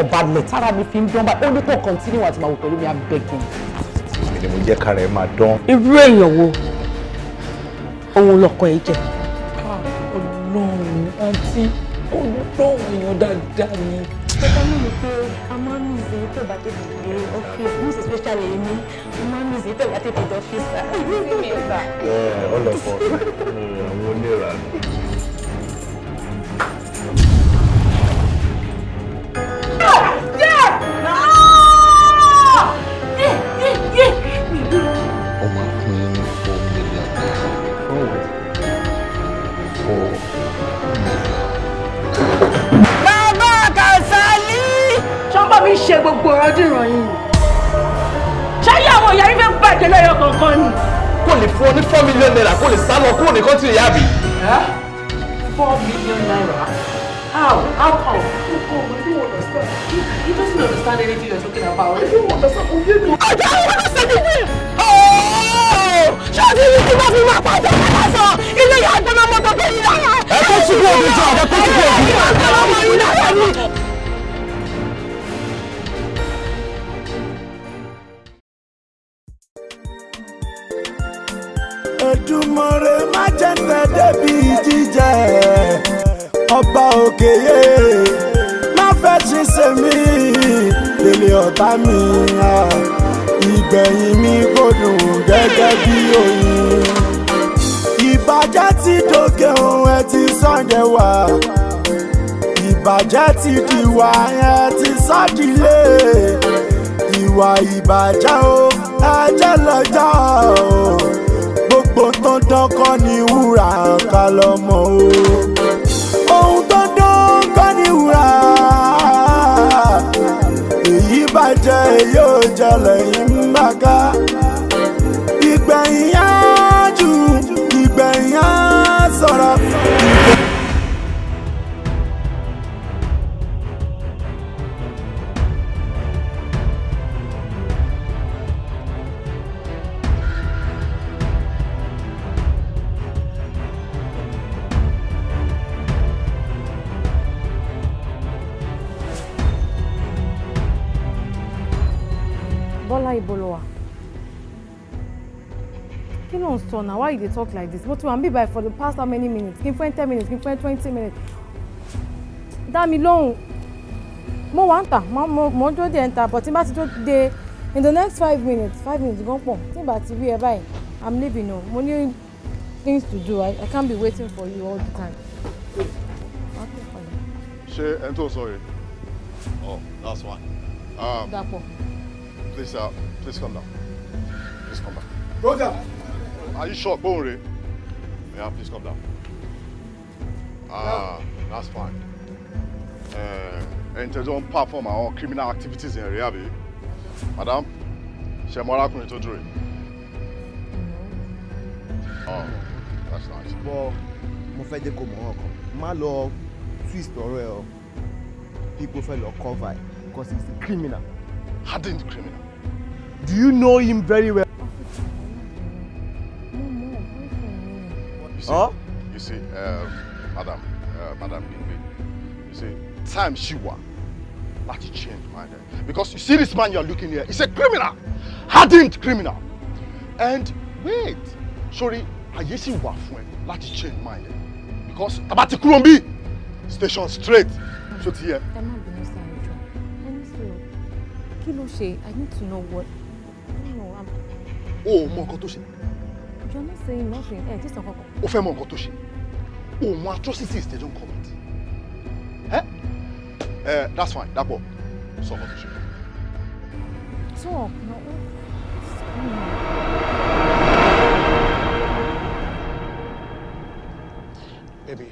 lọ́kàn balẹ̀ tára mi fi ń dán báyìí ó ní kò continue àti màwù pẹ̀lú mi i'm begging. èmi ni mo jẹ́ kára ẹ máa dán. irú èèyàn wo òun lọkọ ẹ jẹ. ọlọ́run àǹtí ọlọ́run èèyàn dáadáa ni. pẹ̀lú mi pé a máa ń nùzí tó bá tètè dé ọ́fíìsì mú sí special èmi a máa ń nùzí tó bá tètè dé ọ́fíìsì. ẹ ọlọ́pàá. kúrò ní kọ́ńtì ìyá àbí. four million naira how how come oh, you go you don't understand you, don't understand anything you're talking about you don't understand oye mi. ọjọ́ àwọn ọ̀sẹ̀ ti ní ṣọ́ọ̀tì yìí ti máa fi máa pa ọjọ́ kẹta sọ ilé ìyá àgbọ̀nà mọ́tò tó yìí lára. ẹ kó sùkúrò mi jọ ẹ kó sùkúrò mi. dẹwà ìbàjẹ́ ti dìwà yẹn ti sádìlé ìwà ìbàjẹ́ o ẹjẹ́ lọ́jà o gbogbo tó dán kọ́ ni wúrà ká lọ́mọ o ohun tó dán kọ́ ni wúrà èyí bàjẹ́ èyí ò lẹ́yìn mbàká ìgbẹ̀yìn yá jù ìgbẹ̀yìn yá sọ̀rọ̀. turn why you dey talk like this but wan be by for the past how many minutes kin fẹ́ ten minutes kin fẹ́ twenty minutes dá mi lóhùn mo wà ń tà mo ń dúró de ń tà but tí n bá ti dúró de in the next five minutes five minutes gan pọ̀ tí n bá ti rí ẹ báyìí i'm leaving o mo ní things to do i i can't be waiting for you all the time. ṣé ẹni tó sọ yìí oh that's fine. Um, ah, Dàpọ̀. please uh, please come down please come back. Roger. Are you sure, Bonre? Yeah, please come down. Ah, no. that's fine. Uh, enter don't perform àwọn criminal activities in area bi. Madam, ṣe mọ arákùnrin tó dúró. Oh, that's nice. Bọ́ mo fẹ́ jẹ́ kó mọ̀ ọkàn. Má twist or ẹ People fẹ́ lọ cover it because he's a criminal. Hardened criminal. Do you know him very well? You see, huh? you see, um, madam, uh, madam you see, time she wa, that change mind. Because you see this man you're looking here, he's a criminal, hardened criminal. And wait, sorry, ayé sì wà fún but láti changed mind ẹ because tàbá ti station straight so here. yẹ. ẹ má bínú sí àjọ ẹ i need to know what no i'm. o ò mọ nǹkan tó nothing ẹ̀ just a couple ó fẹ́ mọ nǹkan tó ṣe òun atrocities they don't commit ẹ ẹ that's fine dapò sọ nǹkan tó ṣe. talk no. baby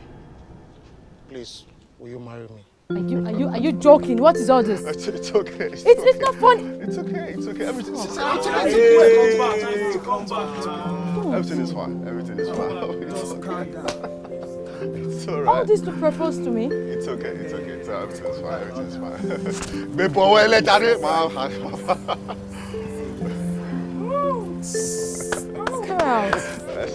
please will you marry me. Are you, are you, are you joking? What is all this? It's, it's okay. It's, it's, okay. not funny. It's okay. It's okay. Everything, it's, it's, it's, it's, come back. Come back. Everything is fine. Everything is fine. It's okay. It's all right. All this to propose to me? It's okay. It's okay. It's, everything is fine. Everything is fine. Me power let her Wow. That's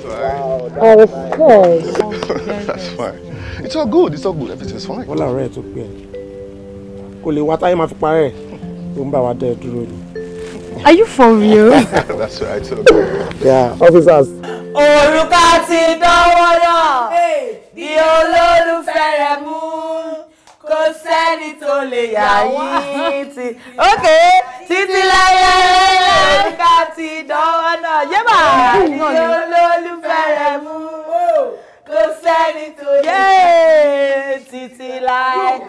fine. Wow, that's fine. That's fine. it's all good it's all good everything is fine. bọ́lá ọ̀rẹ́ tó pè kò lè wá táyé máa fi parẹ́ tó ń bá wa dẹ́ dúró ni. are you for real. that's right it's good. yeah officers. òrùka ti dánwó náà bí olólùfẹ́ rẹ̀ mú kò sẹ́ni tó lè yà yín ok títí láyé òrùka ti dánwó náà yé bàá bí olólùfẹ́ rẹ̀ mú kò sẹ́ni tó yẹ títí láì.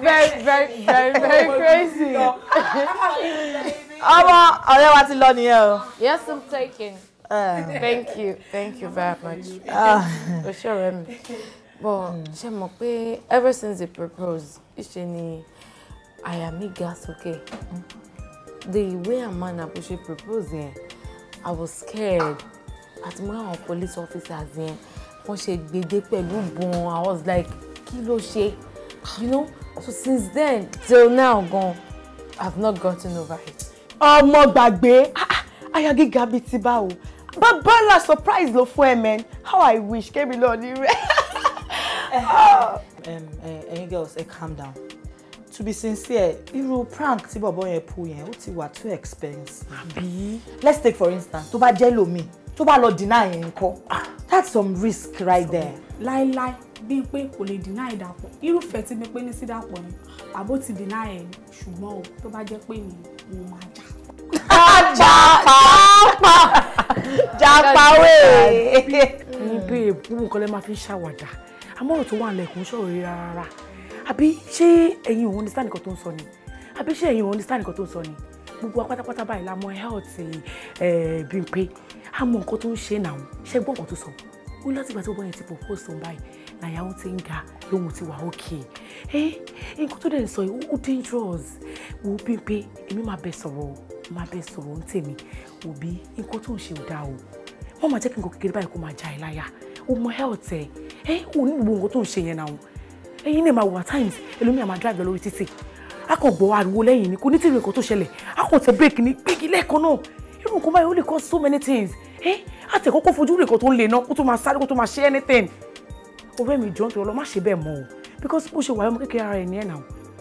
very very very oh very crazy. ọmọ ọ̀rẹ́ wa ti lọ nìyẹn o. yes i'm taking. Uh, thank you thank you very much. Ah. o ṣe ọ̀rẹ́ mi but ṣe mọ̀ pé ever since they proposed ìṣe ni àyà mi ga sókè the way and manner bó ṣe propose yẹn i was scared àti mọ àwọn police officers yẹn wọ́n ṣe gbèdé pẹ̀lú bọn I was like kí ló ṣe you know so since then till now gan I have not gotten over it. ọmọ gbàgbé ah, ah, aya gíga bíi ti báwo babalá surprise ló fún ẹ mẹ how I wish kébì lọ ní rẹ. Eh, ah. eh, ẹyin girls ẹ calm down to be sincere irú prank tí bọ̀bọ̀ yẹn pull yẹn ó ti wà too expensive. let's take for instance tó bá jẹ́ lómi tó bá lọ deny yẹn ah, that's some risk right there. láíláí bíi pé kò lè deny Dàpọ̀ irúfẹ́ tí Bímpé ní sí ni àbó ti deny ẹ̀ ṣùgbọ́n o tó bá jẹ́ pé mi mo máa jà. japa japa japa wee. níbi èbú nǹkan lè máa fi ṣàwàdà àmọ́ ọ̀rọ̀ tó wà lẹ́kùn sọ̀rọ̀ rí rárá àbí ṣé ẹ̀yin òun ní sáà nìkan tó ń sọ ni àbí ṣé ẹ̀yin òun ní sáà nìkan tó ń sọ ni gbogbo apátápátá báyìí la mọ health eh, Bímpé a mọ nǹkan tó ń ṣe náà ṣe gbọ́ nǹkan tó sọ ó látìgbà tó bọ́yẹn ti propose tó ń báyìí nàyàwó ti ń ga lóhun ti wà ókè ẹ nǹkan tó dẹ̀ ń sọ yìí ó dangerous wò ó pípé èmi máa bẹ sọ̀rọ̀ máa bẹ sọ̀rọ̀ ń tèmi òbí nǹkan tó ń ṣe ò dáa o wọ́n máa jẹ́ kí nǹkan kékeré báyìí kó máa já ẹ láyà ó mọ health ẹ ẹ ò ní gbogbo nǹkan tó ń ṣe yẹn náà ẹyin náà máa wà times ẹlòmíà máa drive lórí títì a kò gbọ́ ariwo lẹ́yìn ni kò ní tìrì nǹkan irú nǹkan báyìí ó lè cause so many things ẹ àtẹ̀kọ́kọ́ fojú rí nǹkan tó ń le náà kó tó máa sáré kó tó máa ṣe anything ọ̀rẹ́ mi jọ̀ọ́ nítorí ọlọ́ má ṣe bẹ́ẹ̀ mọ́ o because bó ṣe wà ọmọ kékeré ara ẹ̀ ní ẹ̀ náà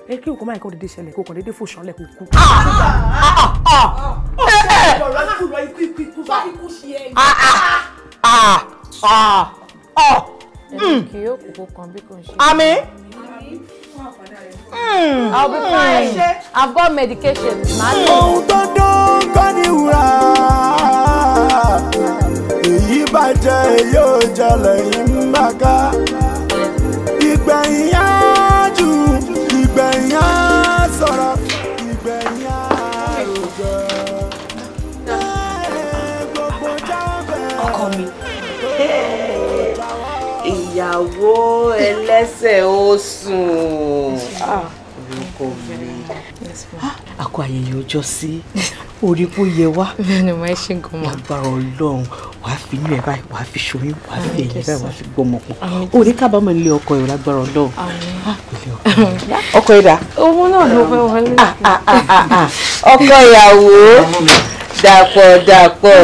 ẹ kí nǹkan báyìí kàn dédé ṣẹlẹ̀ kó kàn dédé fòṣàn lẹ̀ kó kú. Ah! Ah! Ah! Eh, eh! kì hmm. yóò kókó kan bí kò ń ṣe. àmì. Hmm. I'll be hmm. fine. I've got medication. Ohun tó dún kọ́ ní wúrà èyí bàjẹ́ yóò jẹlẹ̀ yín bàká ìgbẹ̀yìn á jù ìgbẹ̀yìn á sọ̀rọ̀ ìgbẹ̀yìn á rògbò. ọkọ mi ìyàwó ẹlẹ́sẹ̀ ó sùn. Ah. orúkọ mi àkó ayẹyẹ ọjọ́ sí orí kó yẹ wá. bẹ́ẹ̀ni mo ṣe gan mọ. lágbára Ọlọ́run wàá fi inú ẹ báyìí wàá fi ṣoyún wàá fi ẹyẹ báyìí wàá fi gbọmọ pọ orí kábàámọ̀ nílé ọkọ ẹ lágbára Ọlọ́run ah, ọkọ ẹ dà. owó náà ló fẹ́ wọlé. Ah, ah, ọkọ ìyàwó dàpọ̀ dàpọ̀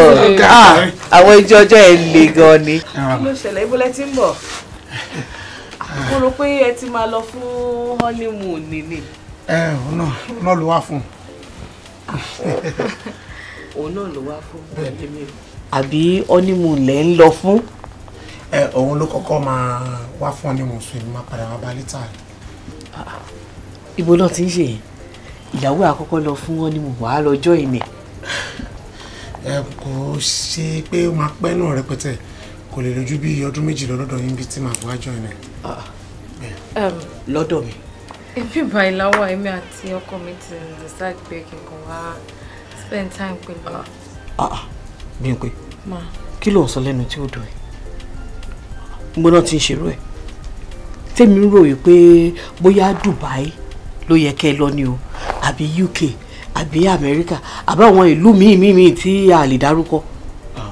àwọn ijó ọjọ́ ẹ le gan ni. kí ló ṣẹlẹ̀ ibo lẹ ti ń bọ̀ mo rò pé ẹ ti máa lọ fún honeymoon nìyí ẹ òun náà òun náà ló wá fún òun náà ló wá fún bẹ́ẹ̀ mi o. àbí ọ́nímùlẹ̀ ń lọ fún. ẹ òun ló kọ́kọ́ máa wá fún ọ́nímùsù èmi máa padà wá bá létà. Ah, ibo náà ti ń ṣe ìyàwó àkọ́kọ́ lọ fún ọ́nímù wàá lọ́jọ́ ìní. ẹ kò ṣe pé ó máa pẹ́ náà rẹpẹtẹ kò lè lójú bí ọdún méjì lọ́dọ̀ yín bíi tí màá fi wájọ́ ìní. Ah. lọ́dọ̀ mi. If you láwọ̀ èmi àti ọkọ mi ti decide pé kí n spend time pẹ̀lú. Ah, ò ah, okay. Ma. kilo ló ń sọ lẹ́nu tí ó dùn ẹ́? Gbọ́dọ̀ ti ń ṣerú ẹ̀. Tèmi ń ròyìn pé Dubai ló yẹ kẹ́ ẹ lọ ni UK, àbí America. àbí àwọn ìlú mi mi mi ti ya lidaru ko. Ah,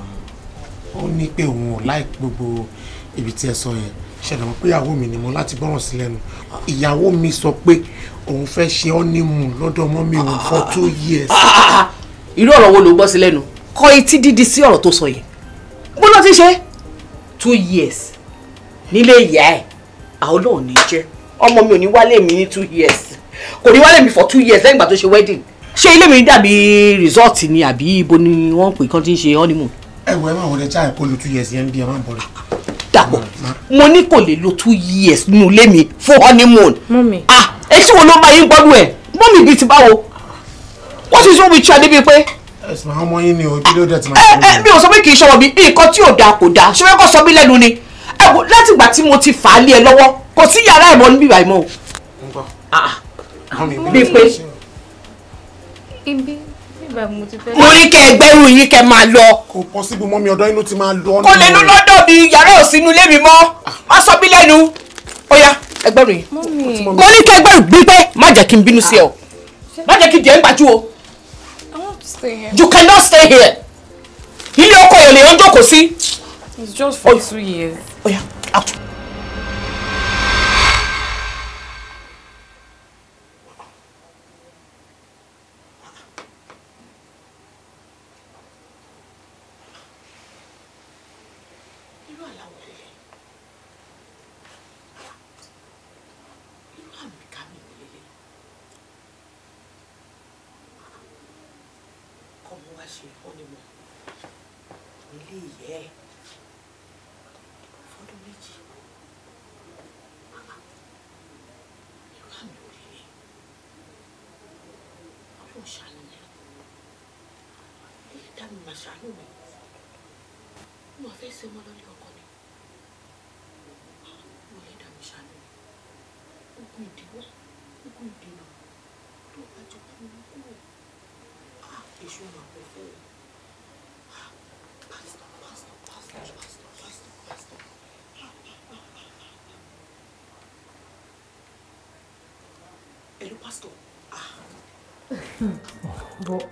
ní pé òun ò láì gbogbo ibi tí ẹ sọ yẹn. Ṣẹ̀dá mọ̀ pé ni mo láti gbọ́ràn sí ìyàwó mi sọ pé òun fẹ́ ṣe honeymoon lọ́dọ̀ ọmọ mi òun for two years. irú ọ̀rọ̀ wo ló gbọ́ sí lẹ́nu kọ etí dídí sí ọ̀rọ̀ tó sọ yìí bó ló ti ṣe two years nílé ìyá ẹ̀ àwọn náà ní jẹ́ ọmọ mi ò ní wálé mi ní two years kò ní wálé mi for two years lẹ́yìn ìgbà tó ṣe wedding ṣé ilé mi dàbí resort ni àbí ibo ni wọ́n pè kán ti ń ṣe honeymoon. ẹ wo ẹ máa wọlé chai kó lu two years yẹn bí ẹ máa bọ̀ rẹ̀ papọ̀ mo ní kò lè lo two years nínú ilé mi fún honeymoon ah etí wo ló máa yín gbọ́dọ̀ ẹ̀ mọ́mì bíi ti báwo wọ́n ti sún mi tí a débi pé. ẹ̀sìn àwọn ọmọ yín ni o ló dẹ̀ ti máa ń eh, sọ. ẹ eh, mi ò sọ pé kì í ṣọwọ́ mi nǹkan tí ò dáa kò dáa ṣé wọ́n kọ́ sọ mí lẹ́nu ni ẹ wò láti ìgbà tí mo ti fà á lé ẹ lọ́wọ́ kò sí yàrá ẹ̀mọ́ níbí ìwà ìmọ̀ o. Ah, bí pé. ibi mo ní kẹ́ ẹ gbẹ́rù yín kẹ́ máa lọ. kò pọ́sibú mọ́ mi ọ̀dọ́ inú ti máa lọ. kò lè nu lọ́dọ̀ mi yàrá òsínú lé mi mọ́ má sọ bí lẹ́nu ó yá ẹgbẹ́rù yín. mo ní kẹ́ ẹgbẹ́rù gbígbẹ́ má jẹ́ kí n bínú sí ẹ o má jẹ́ kí n jẹ́ ń gbájú o. you cannot stay here. ilé ọkọ yẹn lè ń jókòó sí. it's just for two years. ó yá out.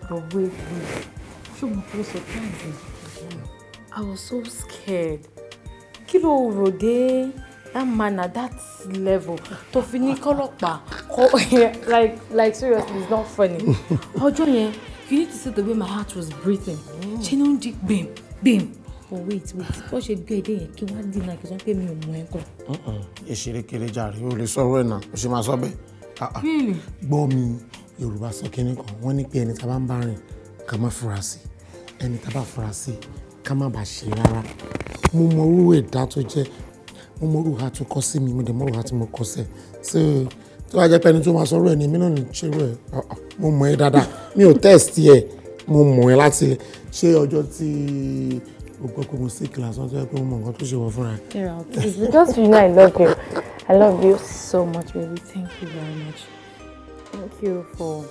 But wait, wait. Show me for surprise. I was so scared. Kí ló rò that man at that level tó fi Oh yeah. like like seriously it's not funny. Ọjọ́ yẹn you need to see the way my heart was breathing. Mm. Ṣé ní ó ń di gbìm gbìm? But wait wait What ṣe gbé èdè e yẹn kí wọ́n dín náà kí wọ́n pè mí ò mọ ẹ̀ kọ́. Èṣèré kéré jàre o lè sọ̀rọ̀ ẹ̀ náà o ṣe máa sọ ah, ah. Really? Gbọ́ yorùbá sọ kínní kan wọ́n ní pé ẹni tá a bá ń bá rìn ká má fura sí ẹni tá a bá fura sí ká má bàa ṣe rárá mo mọ orú ẹ̀dá tó jẹ́ mo mọ orú ha tó kọ́ sí mi mo dẹ̀ mọ orú ha tí mo kọ́ sẹ́ ṣé tó bá jẹ́ pé ẹni tó máa sọ̀rọ̀ ẹ̀ ní mí náà ní ṣerú ẹ̀ ah, ah, mo mọ̀ ẹ́ dáadáa mi ò test ẹ̀ mo mọ̀ ẹ́ láti ṣe ọjọ́ tí o gbọ́ pé mo sí kílàsì ọjọ́ pé mo mọ̀ nǹkan tó ṣe wọ́n fúnra ẹ̀. it's because you know I love you I love you so much baby thank you very much. Thank you for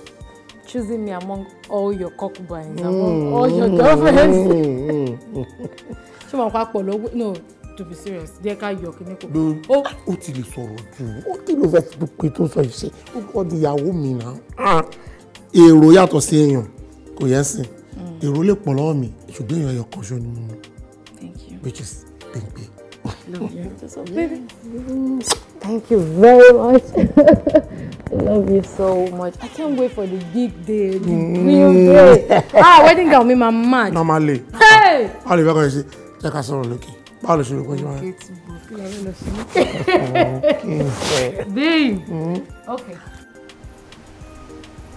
choosing me among all your concubines, mm, among all your girlfriends. Mm, mm, mm. Ṣé wọn pa pọ̀ lọ́wọ́? No, to be serious, jẹ́ ká yọ kí ní kò. Ló ó ti lè sọ̀rọ̀ jù ó kí ló fẹ́ pé tó sọ ìṣe ó kọ́ di ìyàwó mi náà. Ah, èrò yàtọ̀ sí èèyàn kò yẹ sìn. Èrò lè pọ̀ lọ́wọ́ mi ṣùgbọ́n èèyàn ẹyọ kan ṣo ni mo Thank you. Which is Bimpe. Mm, thank you very much. I love you so much. I can't wait for the big day, the mm. real day. ah, wedding gown, me my man. Normally. Hey! All you way say, check us take a solo ló ṣe lè pẹ́jú ara? Babe. Mm. Okay.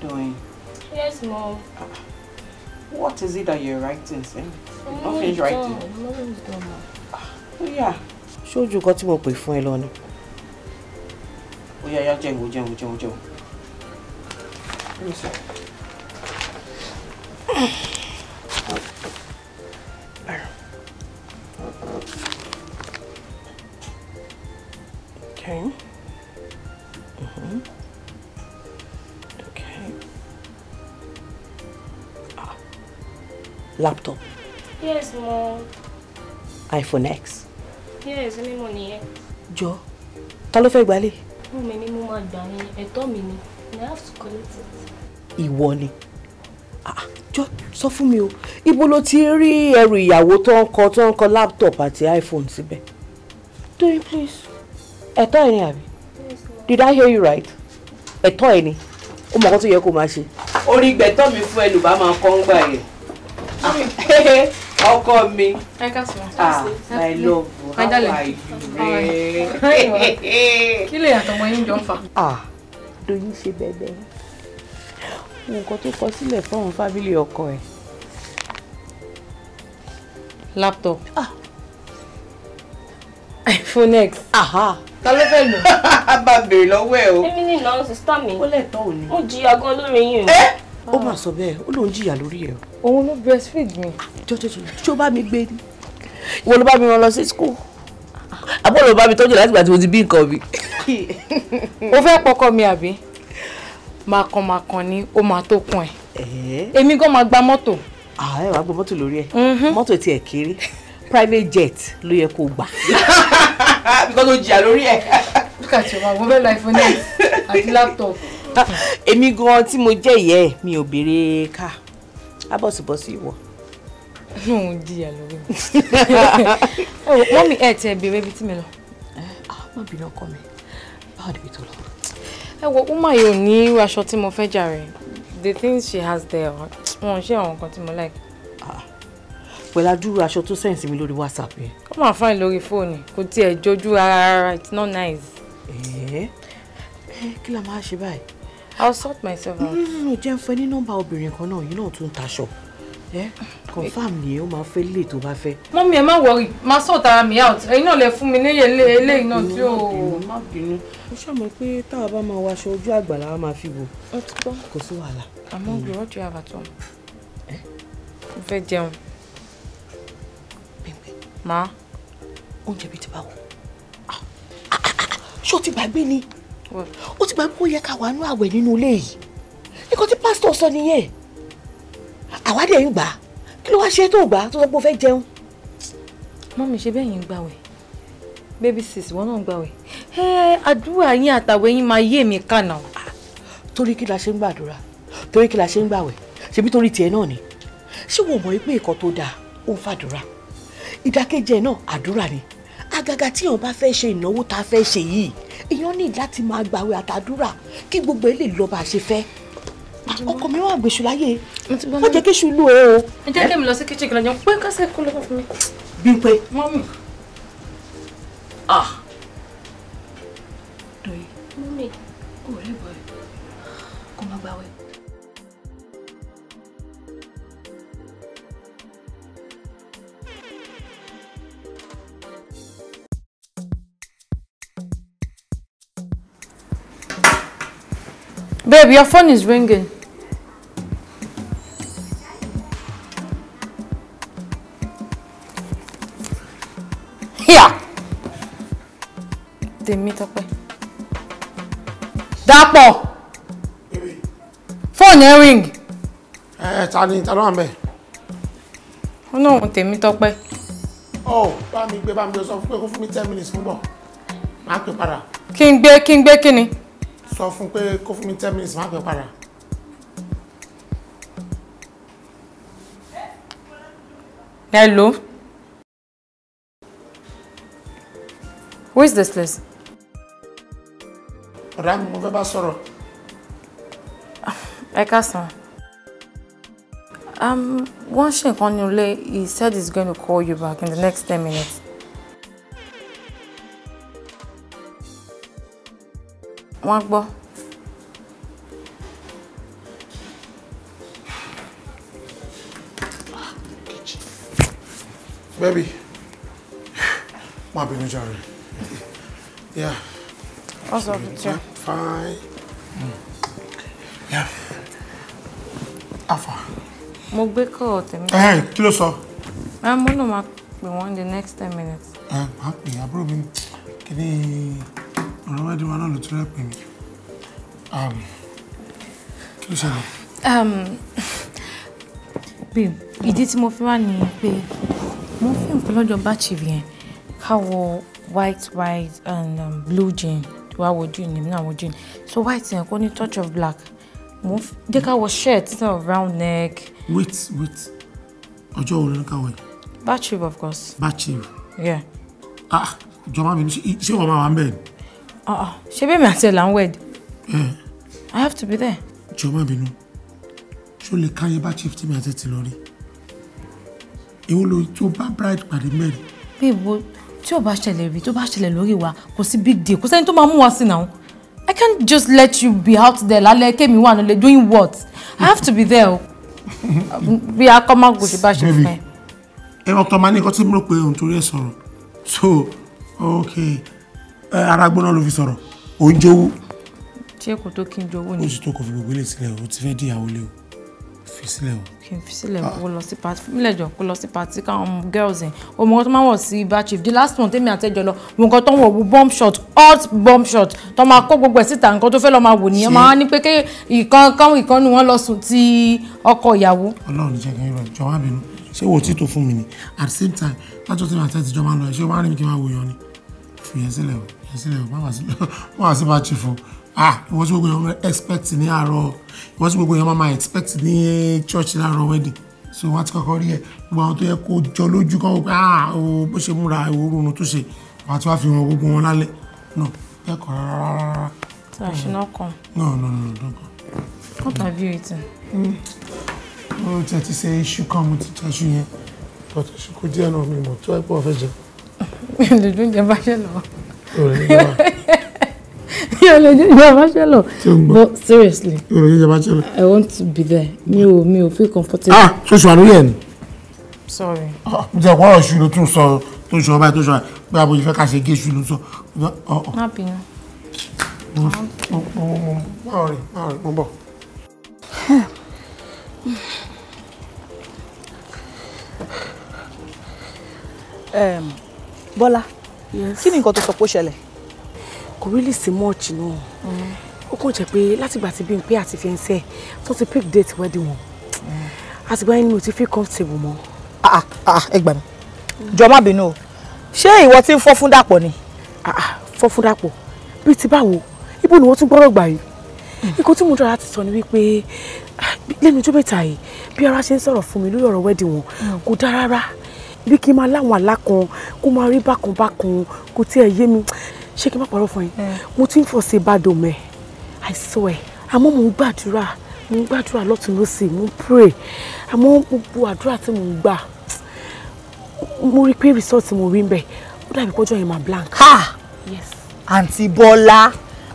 Doing. Yes, mom. what is it that you're writing, Sam? Nothing's writing. Nothing's done. Oh, yeah. ṣojú nǹkan tí mo pè fún ẹ lọ ni. ó yá yá jẹun jẹun jẹun jẹun. Okay. hmm Okay. Ah. Laptop. Yes, mom. iPhone X yes mímọ nìyẹn. jọ ta ló fẹ́ gbalẹ̀. fún mi ni mo máa gbà ní ẹ̀tọ́ mi ni i have to collect it. ìwọ ni ah, jọ sọ fún mi o ibo lo ti rí ẹrù ìyàwó tó ń kọ tó ń kọ laptop àti iphone síbẹ̀. doyin please. ẹ̀tọ́ ẹ̀ ni àbí did i hear you right ẹ̀tọ́ ẹ̀ ni ó mọ̀ kó tó yẹ kó máa ṣe. orí gbẹ̀tọ́ mi fún ẹlùbá máa kọ́ ń gbà yẹn. ọkọ mi. ẹ ká sọ. ah my love My how are you. kí lè yàtọ̀ mọ yín jọ fà. ah Doyin ṣe bẹ̀bẹ̀ nǹkan tó kọ sílẹ̀ fún àwọn fábílì ọkọ ẹ̀. laptop. ah iphone x. aha ta ló fẹ́ lò. a bá béèrè lọ́wọ́ ẹ o. èmi ni ìnáwó sísítà mi. ó lẹ̀ tọ́ òní. ó jìyà gan lórí yín ó ah. mà sọ bẹ́ẹ̀ ó lóun jìyà lórí ẹ̀. òun ló breastfeed mi. jọjọjọ ṣó bá mi gbé ni ìwọ ló bá mi rán lọ sí school àbúrò ló bá mi tọ́jú láti gbà tí mo ti bí nǹkan mi. o fẹ́ pọkọ mi àbí màkànmàkàn ni ó máa tó kún ẹ̀ èmi gan máa gba mọ́tò. ààrẹ wàá gbọ́ mọ́tò lórí ẹ̀ mhm. mọ́tò tiẹ̀ kéré private jet ló yẹ kó gbà. bíkọ́ tó jìyà lórí ẹ̀. look at your mouth mo fẹ́ iphone àti laptop. èmi gan tí mo jẹ́ ìyẹ́ ẹ̀ mi ò béèrè ká á bọ̀sibọ̀sì ìwọ. òun jìyà lórí mi wọ́n mi ẹ̀ tiẹ̀ béèrè ibi tí mi lọ. Ah, má bínú ọkọ mi báwo ni ibi tó lọ. ẹ wo uma yóò ní aṣọ tí mo fẹ́ jà rẹ̀ the things she has there wọn ṣe àwọn nǹkan tí mo like. Ah, pẹ̀lú adúrú aṣọ tó sẹ́yìn sí mi lórí whatsapp yẹn. ó máa fáìn lórí fóònù kò tiẹ̀ jojú rárá it's not nice. ẹ̀ẹ́ eh, eh, kí la máa ṣe báyìí. I'll sort myself out. No, no, no, jẹ́ n fẹ́ ní nọ́mbà obìnrin you know yìí náà tún taṣọ. Confirm me. o máa fẹ́ lè tó bá fẹ́. Mọ́mí ẹ má wọrí, máa sort ara mi out. Ẹ̀yin náà lè fún mi léyè eléyìí náà tí ó. Má my Mo ṣàmọ̀ pé táwa bá máa waṣọ ojú àgbàlá wa máa fi bò. Ó ti tọ́. Kò sí wàhálà. Àmọ́ gbèrò ọ̀dù yàrá tó. Mo fẹ́ jẹun. Bẹ́ẹ̀ Má. Oúnjẹ bíi ti bá wọ̀. Ah, ah, ah, Ṣé o ti gbàgbé ni? ó ti gbàgbé ó yẹ ká wà nú àwẹ̀ nínú ilé yìí nǹkan tí pásítọ̀ sọ nìyẹn àwa dẹ̀ ń gbà á kí ló wá ṣe tó gbà á tó sọ pé ó fẹ́ jẹun. mọ́mí ṣe bẹ́ẹ̀ yín gbàwẹ̀ baby sis wọn náà gbàwẹ̀ ẹ àdúrà yín àtàwẹ̀ yín máa yé mi kànà. Ah, torí kí la ṣe ń gbàdúrà torí kí la ṣe ń gbàwẹ̀ ṣebí torí tiẹ̀ náà ni ṣé wọn mọ̀ pé nǹkan tó dáa ó ń fàdúrà ìdákẹ́jẹ́ náà àdúrà ni àgàgà tí èèyàn bá fẹ́ ṣe ìnáwó tá a fẹ́ ṣe yìí èèyàn ní láti máa gbàwé àtàdúrà kí gbogbo ẹ lè lọ bá a ṣe fẹ́ ah, ọkọ mi wà gbèsù láyé má jẹ́ kí ṣùlù o. ẹ jẹ́ kí mi lọ sí kíchìn kí lọ́jọ́ pé kásẹ̀ kó lọ́wọ́ fún mi. Bímpé. mọ́mì. ah Babe, your phone is ringing. Here. meet Temitope. Dapo. Phone ẹ ring. Eh, ta ni, ta ló ń bẹ. Ó no Temitope. Oh, bá mi gbé bá mi sọ fún pé kó fún mi 10 minutes mo bọ̀. Má pè padà. Kí n gbé, kí n gbé kíni sọ fún pé kó fún mi ten minutes má pẹ́ para. hello who is this place. ọ̀rá mi mo fẹ́ bá sọ̀rọ̀. ẹ káàsán um, one ṣe nǹkan ní he said he's going to call you back in the next ten minutes. wọ́n gbọ́. Baby, má bínú jàre. Yeah. What's up with Fine. Yeah. Afa. Mo gbé kọ́ tèmi. Ẹ kí ló sọ? Mo náà máa pè wọ́n the next ten minutes. Ẹ máa pè àbúrò mi kí ni ọ̀rọ̀ wáyé wa náà ló tún rẹ̀ pè mí kí ló ṣẹlẹ̀. Um, babe ìdí tí mo fi wá nìyẹn pé mo fi hàn pé lọ́jọ́ báàchì yẹn ká wọ white white and um, blue jean tí wàá wọ jean èmi náà wọ jean so white yẹn kò ní touch of black mo jẹ́ ká wọ shirt instead of round neck. wait wait ọjọ́ wo ló ká wọ yìí. báàchì of course. báàchì. yeah. ah jọba mi ṣé wọn máa wà ń bẹ̀ ni. Ah, ah. ṣé bẹ́ẹ̀ mi àti ẹ̀ là ń wed. Hmm. I have to be there. jọ̀ọ́ binu. bínú ṣó lè káyé bá chief tí mi àti ẹ̀ ti lọ rí èwo ló tó bride pàdé mẹ́rin. bí ìbò tí ò bá ṣẹlẹ̀ rí tó bá ṣẹlẹ̀ lórí wa kò sí big deal kò sẹ́ni tó máa mú wa sí náà I can't just let you be out there lálẹ́ kémi wà nílé doing what I have to be there o bí akọ́mágbò ṣe bá ṣe fún ẹ. ẹran kan máa ní nǹkan tí mo rò pé òun torí ẹ so okay ara gbóná ló fi sọ̀rọ̀ ò ń jowú. ṣé kò tó kí n jowú ni. oṣù tó kò fi gbogbo ilé sílẹ̀ o ti fẹ́ díyàwó lé o fi sílẹ̀ o. kì í fi sílẹ̀ ah. kó lọ sí pati fúnmílẹ̀ jọ kó lọ sí pati káwọn girls yẹn o mọ̀ nǹkan tó máa wọ̀ sí ibà chief the last month èmi àtẹ́jọ lọ mọ̀ nǹkan tó ń wọ̀ bu bomb shot hot bomb shot tó máa kó gbogbo ẹ̀ síta nǹkan tó fẹ́ lọ́ọ́ máa wò nìyẹn máa ní pé ké ìkan kan ìkan ni wọ́n lọ sùn ti ọkọ ìyàwó. Ọlọ́run jẹ kí n rọ jọ wá bínú ṣé wo tí tó fún mi ni at the same time lájọ tí mi àtẹ́tìjọ máa lọ ẹ ṣé wàá rìn kí n máa wòyàn ni fìyẹn sílẹ̀ o ẹ sílẹ̀ o má wá sí bá ti fún ah ìwọ tí gbogbo èèyàn máa expect ní àárọ̀ ìwọ tí gbogbo èèyàn máa expect ní church láàárọ̀ wedding so wọn ti kọ́kọ́ rí ẹ gbogbo àwọn tó yẹ kó jọ lójú kan wọn pé ah o bó ṣe múra ìwọ oorun tó ṣe wàá tí wàá fi hàn gbogbo wọn lálẹ́ no ẹkọ rárá rárá. so I should not come. no no no no don't come. what have you eaten. ó hmm. ti ẹ ti ṣe iṣu kan mo ti jẹ iṣu yẹn bọ́tà iṣu kò díẹ̀ náà mi mọ̀ tó ẹ pọ̀ fẹ́ jẹ. but seriously i want to be there Me, ò mi ò feel comfortable. ah so ṣoṣù àlóyè ni. sorry. ah ǹjẹ́ wọ́n ọ̀ṣun so? tún sọ tó sọ báyìí tó sọ pé I fẹ́ ká ṣe gé ṣu ló sọ. má bínú. Um, rìn máa rìn mo bọ̀. bọ́lá kí ni nǹkan tó sọ pé ó ṣẹlẹ̀. kò really sí much náà mm. ó kàn jẹ́ pé látìgbà tí Bímpé àti fiancé tó ti pick date wedding wọn mm. àtìgbà yẹn ni mo ti feel comfortable mọ́. Ah, ah, ah, ẹ gbà mí mm. jọ má bínú o ṣé ìwọ ti ń fọ́ fún dàpọ̀ ni. fọ́ fún dàpọ̀ bíi ti báwo ibo ni wọ́n tún gbọ́dọ̀ gbà yìí nǹkan tí mo dára ti sọ ni wípé lẹ́nu ọjọ́ mẹ́ta yìí bí ara ṣe ń sọ̀rọ̀ fún mi lórí ọ̀rọ̀ wẹ́ẹ̀dì wọn kò dáa rárá bí kí n máa láwọn àlá kan kó máa rí bákan bákan kò tiẹ̀ yé mi ṣé kí n má parọ́ fún yín mm. mo ti ń fọ̀sẹ̀ ìbàdàn mẹ́ I swear àmọ́ mò ń gbàdúrà mò ń gbàdúrà lọ́tún lọ́sì mò ń pray àmọ́ gbogbo àdúrà tí mò ń gbà mo rí i pé result mo rí ń bẹ̀ ó dàbí pọ́jọ́ yẹn máa blank. ha àǹtí bọ́lá.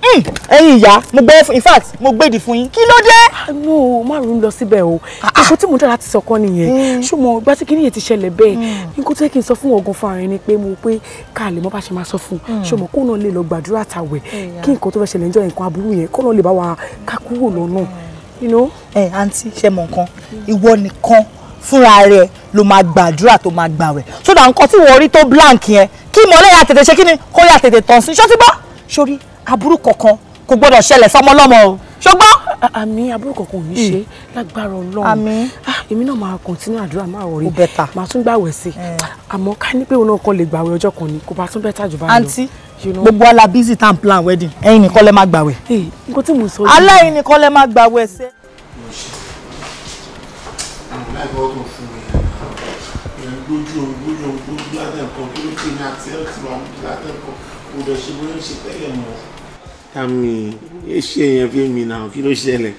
Hmm, ẹ̀yin ìyá mo gbé in fact mo gbèdì fún yín kí ló dé. Ah, no márùn ún lọ síbẹ̀ o èso ah, ah. tí mo dára ti sọ̀kọ́ nìyẹn hmm. ṣùgbọ́n gbàtí kí nìyẹn ti ṣẹlẹ̀ bẹ́ẹ̀ hmm. nǹkan tó yẹ kí n sọ fún ọ̀gán fún ara ẹni pé mo pé ká lè mọ́ bá ṣe máa sọ fún un ṣùgbọ́n kó náà lè lọ gbàdúrà tàwẹ̀ kí nǹkan tó fẹ́ ṣẹlẹ̀ níjọ́ nǹkan aburú yẹn kó náà lè bá wa ká kúrò lọ́nà. ẹ àǹtí ṣe mọ̀ nǹkan ìwọ nìkan fúnra rẹ ló máa gbàdúrà tó máa gbàwẹ̀ sódà nǹkan tí wọ́n rí tó blank yẹn kí mọ̀lẹ́yà tètè ṣe kí ni kó yà tètè tán sí ṣọ́síbọ́ sórí aburú kankan kò gbọ́dọ̀ ṣẹlẹ̀ sọmọ lọ́mọ o ṣùgbọ́n. àmì aburú kankan ò ní ṣe hmm. lágbára Ọlọ́run àmì ah, èmi náà máa continue àdúrà máa wọrí máa tún gbàwẹ̀ sí hmm. àmọ́ ká ní pé òun náà kàn lè gbàwẹ̀ ọjọ́ kan ni kò bá tún bẹ́tà jù bá lọ. gbogbo ala busy tan plan wedding ẹ̀yin nìkan lẹ máa gbàwẹ̀. Eh, nǹkan tí mo sọ yìí. alẹ́ ẹ̀yin nìkan lẹ máa gbàwẹ̀ ṣe. lójú ohun lójú ohun lójú látẹ̀kọ́ kí ló pè ní àti ẹ̀ tí wàá lójú kò dẹ̀ ṣe bóyá ṣe tẹ́lẹ̀ mọ́ àmì èsì èèyàn fi mi náà kí ló ṣẹlẹ̀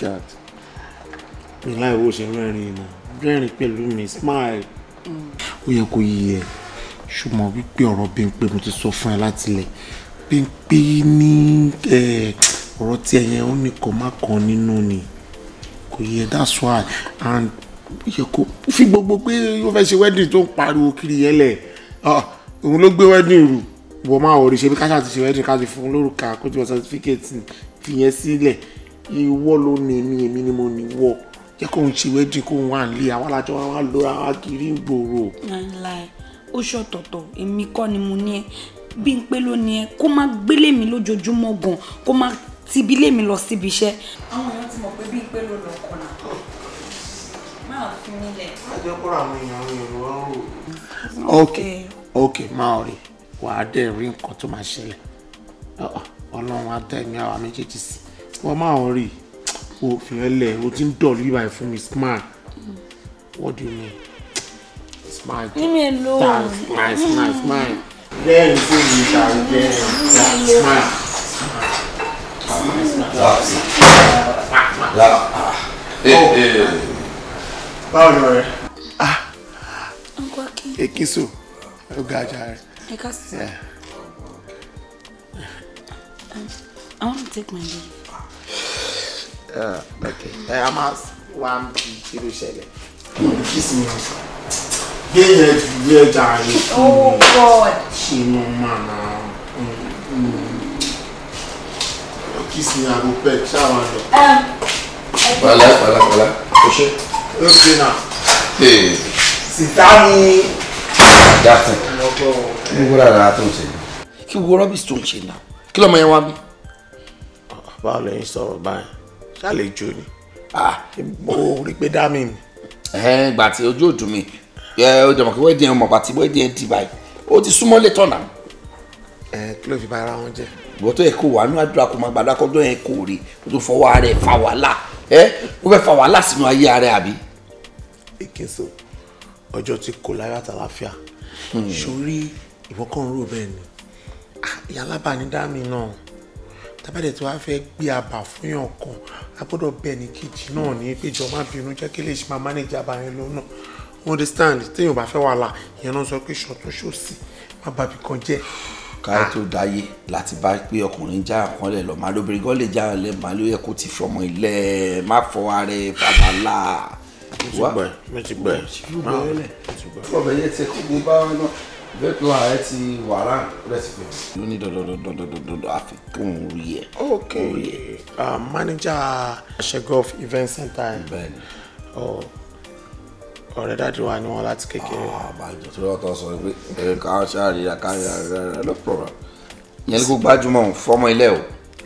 god my láì wo ṣe rẹ́rìn náà rẹ́rìn pẹ̀lú mi smile ó yẹ kó yí ẹ ṣùgbọ́n wípé ọ̀rọ̀ Bímpé mo ti sọ fún ẹ láti lẹ̀ Bímpé ní ọ̀rọ̀ tí ẹ̀yẹn ó ní kò má kàn nínú ni kò yẹ that's why and yẹ kó fi gbogbo pé ó fẹ́ ṣe wedding tó ń pariwo kiri yẹn lẹ̀ ah, òun ló gbé wedding rù wọ́n máa wọ̀ rí ṣe bí káṣá ti ṣe wẹ́ẹ́dì káṣí fún lórúkà kó ti wọ certificate fìyẹn sílẹ̀ ìwọ ló ní èmi èmi ni mo ní wọ jẹ́ kóun ṣe wẹ́ẹ́dì kóun wà nílé àwọn alájọ wọn wá lóra wá kiri ìgboro. ó ṣọ̀tọ̀tọ̀ èmi kọ́ ni mo ní ẹ bí n pé ló ní ẹ kó má gbélé mi lójoojúmọ́ gan kó má tibí lé mi lọ síbi iṣẹ́. àwọn èèyàn ti mọ̀ pé bí n pé ló lọ kọ̀ máa fi mí lẹ̀. ok ok máa rí i wà á dẹ̀ rí nǹkan tó máa ṣẹlẹ̀ ọlọ́run á dá ẹ̀mí àwa méjèèjì sí wọ́n máa ń rí o fìyẹn lẹ̀ o ti ń dọ̀lú ìbá ẹ̀ fún mi smile what do you mean smile smile smile mm. smile smile bẹ́ẹ̀ ni fún mi ṣàrò bẹ́ẹ̀ ni smile smile. Oh. Eh, eh. báwo ni ọ̀rẹ́. ah ekiso ó ga ajá rẹ̀ ẹ ká um, I want to take my leave. Uh, okay. Uh, I'm out. One, two, three, seven. Kiss me. Yeah, yeah, yeah, Oh, God. She no man. Kiss me, I go pet. Shower. Um. Voilà, voilà, Okay. Okay now. Hey. Sit down. Jackson kí wúrà rárá tó ń ṣe yìí. kí wúrà bí tó ń ṣe náà kí lọ́mọ yẹn wá bí. báwo lẹ́yìn sọ̀rọ̀ báyìí ṣàlejò ni mo rí pé dá mi mi. ìgbà tí ojú òdùn mi ó jọmọ kí wọ́n dín ọmọ pàtí wọ́n dín ẹ̀ dì báyìí ó ti súnmọ́ lè tọ̀nà. ẹ kí ló fi bá ara wọn jẹ. ìwọ tó yẹ kó wà nínú àdúrà kó máa gbàdúrà kó dún yẹn kó rí kó tó fọwọ́ ara ẹ̀ fa wàhálà ó fẹ́ fa wàhálà sínú ayé ara ẹ̀ àbí. èké ọjọ́ tí kò láyọ̀ àtàlàfíà hmm. sórí ìwọ́n kàn ń rò bẹ́ẹ̀ ni ah, ìyá alábàánídá mi náà tábàdẹ̀ tí wàá fẹ́ gbé abà fún yàn kan a gbọ́dọ̀ bẹ́ẹ̀ ní kejì náà ní péjọ má bínú jẹ́ kí lè ṣe máa manage abayẹn lọ́nà understand téèyàn bá fẹ́ wàhálà ìyẹn náà sọ pé ṣọ̀tún ṣòsì má bàbí kan jẹ́ káyé ah. tó dáyé láti bá pé ọkùnrin já nǹkan lẹ lọ màá lóbìnrin gan lè já lẹ màá lóye kó ti fọmọ ilẹ̀ má fọ ara ẹ fàbálà wa mo ti gbẹ mo ti center. Oh ọ̀rẹ́ dájú wa ni wọ́n láti kékeré. àbájọ ah, tó lọ́tọ̀ sọ pé ẹ ká ṣáàrí ra ká ra ra ra ló pọ̀rọ̀ yẹn ló gbájúmọ̀ fọ́mọ ilé o.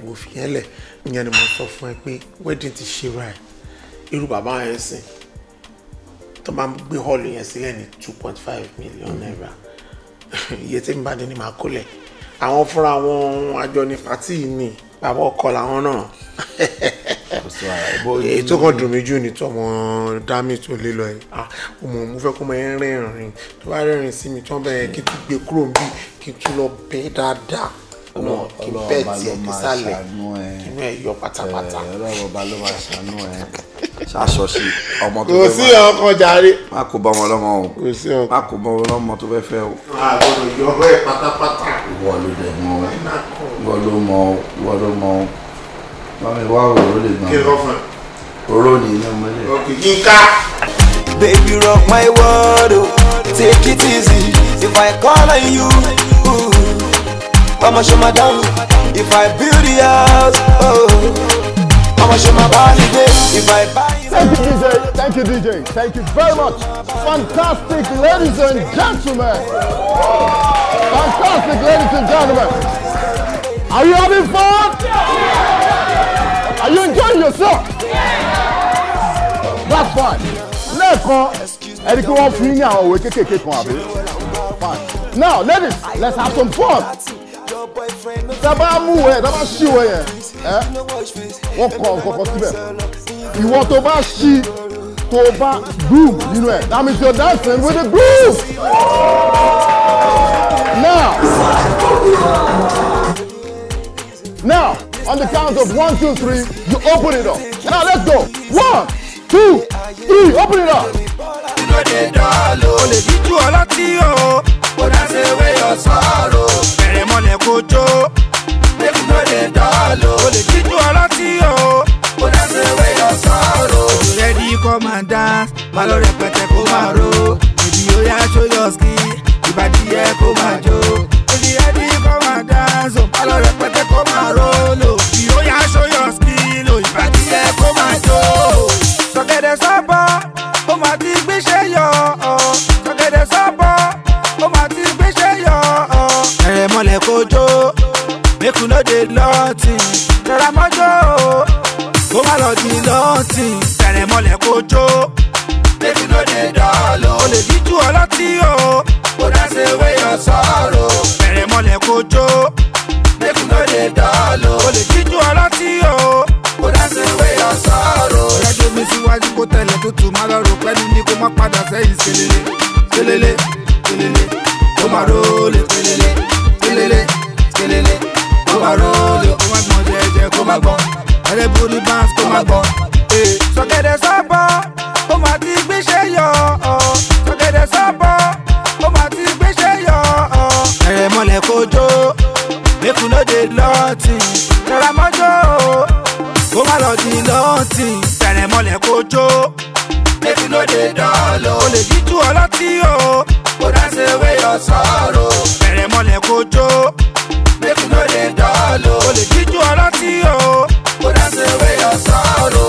mo fi yẹn lẹ̀ ìyẹn ni mo sọ fún ẹ pé wedding ti ṣe ra irú bàbá yẹn sìn tó máa gbé hall yẹn sílẹ̀ ní two point five million mm-hmm. naira iye tí mi bá dé ni màá kólẹ̀ àwọn fúnra wọn àjọ ní pàtí ni bàbá ọkọ làwọn náà ètò kan dùn mí jù ní tọmọ dami tó lé lọ yìí ah, ọmọ mo fẹ́ kó máa rẹ́rìn-ín tó bá rẹ́rìn sí mi tí wọ́n kí n tún gbé kúrò níbí kí n tún lọ bẹ́ẹ̀ dáadáa ọlọ́run kí bẹ́ẹ̀ tiẹ̀ dé sálẹ̀ kínú ẹ̀ yọ pátápátá. ọlọ́run ọba ló máa ṣàánú ẹ̀ ṣàṣọ sí ọmọ tó fẹ́ máa kò sí ọkọ jàre. má kó bá wọn lọ́mọ o má kó bá wọn lọ́mọ tó fẹ́ fẹ́ o. àgbọ̀dọ̀ yọ ọ ẹ̀ pátápátá. wọ́n ló dẹ̀ mọ́ ọ wọ́n ló mọ́ ọ wọ́n ló mọ́ ọ mami wá òró lè gbọ́n. kí ni iná mọ́lẹ̀. baby rock my world o take it easy if i call on you. Ooh. I'ma show my dance If I build the house, oh, I'ma show my body day. If I buy. Thank you, DJ. Thank you, DJ. Thank you very much. Fantastic, ladies and gentlemen. Fantastic, ladies and gentlemen. Are you having fun? Are you enjoying yourself? That's fine. Let's go. kí wọ́n fi ń yàn àwọn òwe kéékèèké kan Now, ladies, let's have some fun tá a bá mú ẹ tá a bá ṣí wọ yẹn ẹ wọ́n kọ ọ̀kọ̀ọ̀kan síbẹ̀ ìwọ tó bá ṣí tó bá groove nínú ẹ that means you're dancing with the groove now now on the count of one two three you open it up now let's go one two three open it up go ready come and dance máa lọ rẹpẹtẹ kó máa ro. ìdí ó yá show your ìbàdí ẹ kó máa jó. olùyẹ́dí come and dance máa lọ rẹpẹtẹ kó máa ro. mojo make we no dey lọtin rara mojo o kó lọ di lọtin tẹrẹ mọlẹ kojo make we no dey dọlọ o lè díjú ọlọtí o kó dá sí ewé yọ tẹrẹ mọlẹ kojo make we no dey dọlọ o lè díjú ọlọtí o kó dá sí ewé yọ sọ̀rọ̀. ẹjọ́ mi síwájú kó tẹ̀lé tútù má lọ rò pẹ́ni ní kó má padà sẹ́yìn ṣẹlẹ̀lẹ̀ ṣẹlẹ̀lẹ̀ ṣẹlẹ̀lẹ̀ ó má rólé télélé télélé kó máa rólé kó máa gbọ́n jẹ́jẹ́ kó máa gbọ́n ẹlẹ́bùrú báńsì kó máa gbọ́n. Eh, sọ̀gẹ̀dẹ̀ sábà ó máa ti gbéṣẹ́ yọ sọ̀gẹ̀dẹ̀ sábà ó máa ti gbéṣẹ́ yọ. ẹ̀rẹ̀ mọ̀lẹ̀ kó jó lẹ́kùn lóde lọ́ọ̀tì tẹ̀rẹ̀ mọ́jọ́ kó má lọ di lọ́ọ̀tì tẹ̀rẹ̀ mọ̀lẹ̀ kó jó lẹ́kùn lóde dọ́ọ̀lọ́. olè jíjú ọlọ́tí o kó dá sí ewé yọ bẹ̀rẹ̀ mọ́lẹ̀ kó jó. make you no dey dull o. Oh. o lè jíjú ọlọ́tí o. kó dá sí ewé yọ sọ́ọ̀rọ̀.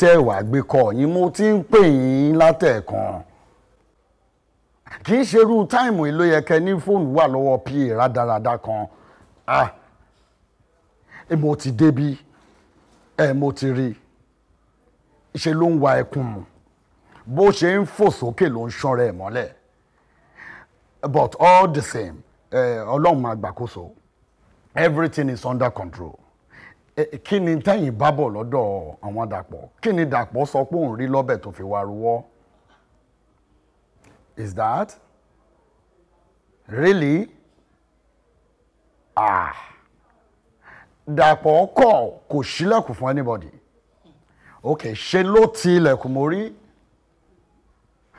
tẹ́ wàá gbé kọ yín mo ti ń pè yín látẹ̀ẹ̀kan kì í ṣerú táìmù èlò yẹ kẹ ní fóònù wà lọ́wọ́ pa rádaràda kan ah e mo ti débi ẹ e mo ti rí ṣe ló ń wa ẹkùn mu bó ṣe ń fò sókè ló ń ṣanra ẹ mọ́lẹ̀ but all the same ọlọ́run máa gbàkóso everything is under control kí ni tẹ́yìn bá bọ̀ lọ́dọ̀ àwọn dàpọ̀ kí ni dàpọ̀ sọ pé òun rí lọ́bẹ̀ tó fi wá ruwọ́ is that really ah dàpọ̀ kọ̀ kò sílẹ̀kùn fún anybody ok ṣe ló ti ilẹ̀kùn mórí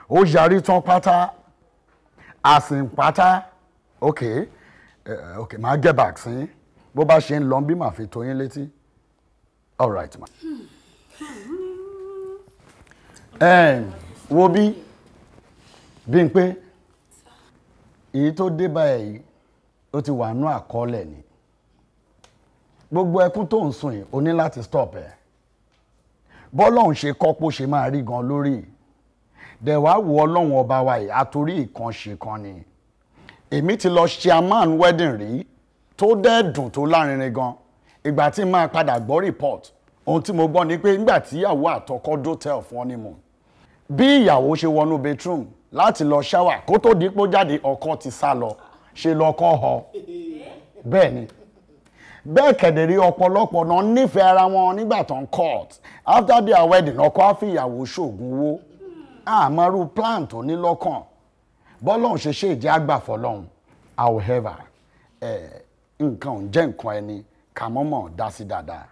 ó yarí tán pátá àsìn pátá ok uh, ok máa get back sí bó bá ṣe ń lọ bí màá fi tó yín létí all right ma. Um, wo bí bí n pé èyí tó dé báyìí yìí ó ti wà nú àkọọ́lẹ̀ ni gbogbo ẹkún tó ń sun yìí o ní láti stop ẹ bọ́lọ́hún ṣe kọ́pọ̀ ṣe máa rí gan lórí dẹ̀wá wo ọlọ́run ọba wa yìí àtòrí ìkànṣe kan ni èmi ti lọ ṣe a wedding rí tó dẹ́ dùn tó lárinrin gan ìgbà tí máa padà gbọ́ report ohun tí mo gbọ́ ni pé nígbà tí ìyàwó àtọkọ dótẹ́l fún honeymoon bí ìyàwó ṣe wọnú bedroom láti lọ ṣáwà kó tó di pé ó jáde ọkọ ti sá lọ ṣe lọkọ họ bẹ́ẹ̀ ni bẹ́ẹ̀ kẹ̀dẹ̀rí ọ̀pọ̀lọpọ̀ náà nífẹ̀ẹ́ ara wọn nígbà tó ń court after their wedding ọkọ á fi ìyàwó ṣoògùn owó àmọ́rú plan tó ní lọ́kàn bọ́lọ́hún ṣe ṣe ìjẹ́ àgbà fọlọ́hún however eh, nǹkan ò ń jẹ́ nǹkan ẹni kà mọ́mọ́ dá sí dáadáa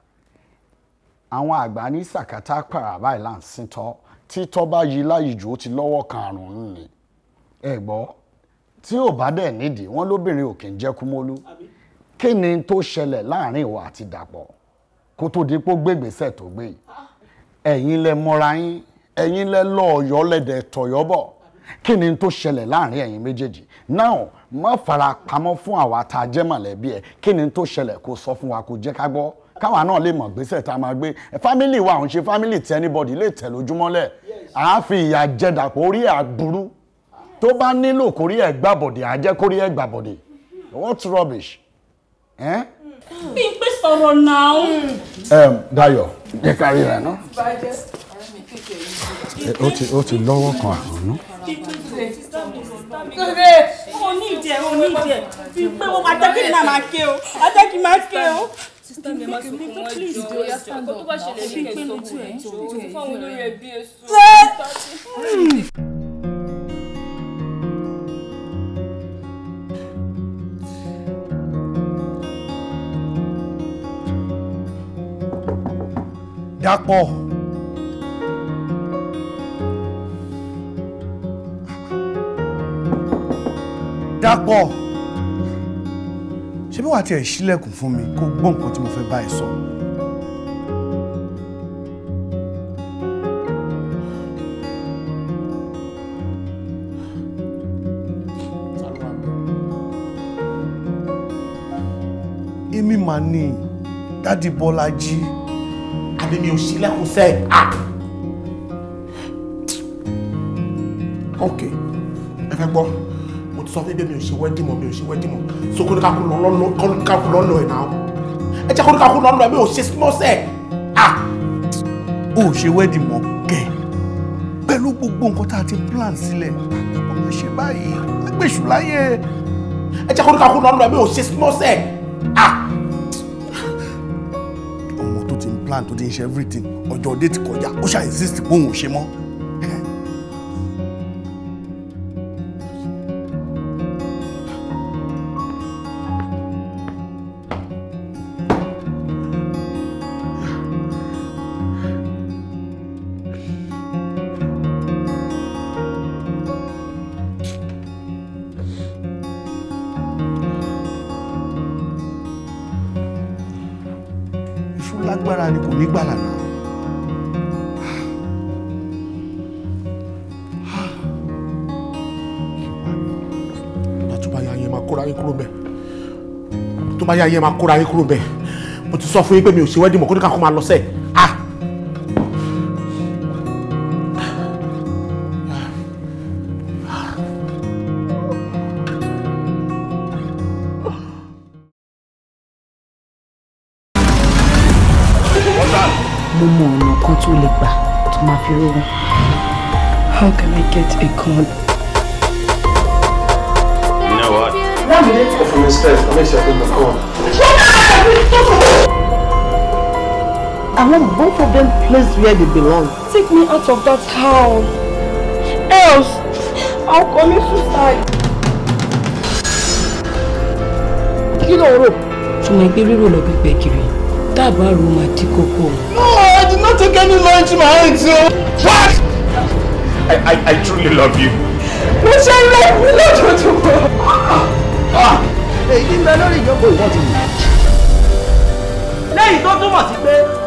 àwọn àgbà ní sàkátà pàrà báyìí là ń sìntọ́ títọ́ bá yí láyìí ó ti lọ́wọ́ kan àrùn ni ẹ gbọ́ tí ò bá dẹ̀ nídìí wọ́n lóbìnrin ò kì í jẹ́ kúmólú kí ni tó ṣẹlẹ̀ láàrin ìwà àti dàpọ̀ kó tó di pé ó gbégbèsè tó gbé ẹ̀yin lẹ mọ́ra yín ẹ̀yin lẹ lọ ọ̀yọ́ kí ni tó ṣẹlẹ̀ láàrin ẹ̀yin méjèèjì now má fara pamọ́ fún àwa tá a jẹ́ mọ̀lẹ́bí ẹ̀ kí ni tó ṣẹlẹ̀ kó sọ fún wa kó jẹ́ ká gbọ́ káwa náà lè mọ̀ gbésẹ̀ tá a máa gbé family wa òun ṣe family tí anybody lè tẹ̀ lójúmọ́lẹ̀ à á fi ìyà jẹ̀dàpọ̀ orí àdúrú tó bá nílò kórí ẹ̀ gbàbọ̀dẹ̀ à jẹ́ kórí ẹ̀ gbàbọ̀dẹ̀ what rubbish. Eh? bí n pè sọ̀rọ̀ náà. Dayọ̀ jẹ́ ká rí rẹ̀ náà. ó ti lọ́wọ́ kan àná ní ìdí ẹ̀ fi pé wọ́n máa jẹ́ kí n náà máa ké o máa jẹ́ kí n máa ké o. sísítà mi máa sọkún wọn jọ ọkọ tó bá ṣẹlẹ̀ ní kẹsàn-án jọ fáwọn olórí ẹbí èso. Dàpọ̀. dàpọ̀ ṣé bí wàá tiẹ̀ ṣílẹ̀kùn fún mi kó gbọ́ nǹkan tí mo fẹ́ bá ẹ sọ. èmi mà ní dádì Bọ́lájí. àbí mi ò ṣílẹ̀kùn sẹ́ẹ̀. Ah! ok ẹ fẹ́ gbọ́ sọ fún mi mi ò ṣe wedding mọ́ mi ò ṣe wedding mọ́ so kó ní ká kú lọ lọ ẹ̀ náà ẹ jẹ́ kó ní ká kú lọ lọ ẹ̀ mi ò ṣe small ah. o ṣe wedding mọ́ kẹ́ pẹ̀lú gbogbo nǹkan tá a ti plan sílẹ̀ ọmọ ṣe báyìí lágbèsù láyé ẹ jẹ́ kó ní ká kú lọ ẹ̀ mi ò ṣe small ah. ọmọ tó ti plan tó ti ń ṣe everything ọjọ́ date kọjá ó ṣàì yá yẹ máa kóra yín kúrò bẹ́ẹ̀ mo ti sọ fún yín pé mi ò ṣe wẹ́dìmọ̀ kó ní ká kó máa lọ sẹ́ẹ̀. I want both of them placed where they belong. Take me out of that house. Else, I'll commit suicide. Kí ló rò? Ṣùgbọ́n ẹgbẹ́ rírò lọ pípẹ́ kiri. Dábàá ro máa dí No, I did not take any money to my hands. What? I, I, I truly love you. Mo ṣe ń lọ ìwé lójoojúmọ́. Ah! Ah! Èyí ń bẹ lórí ìjókòó ìwọ́n ti wù. Lẹ́yìn tó túmọ̀ sí pé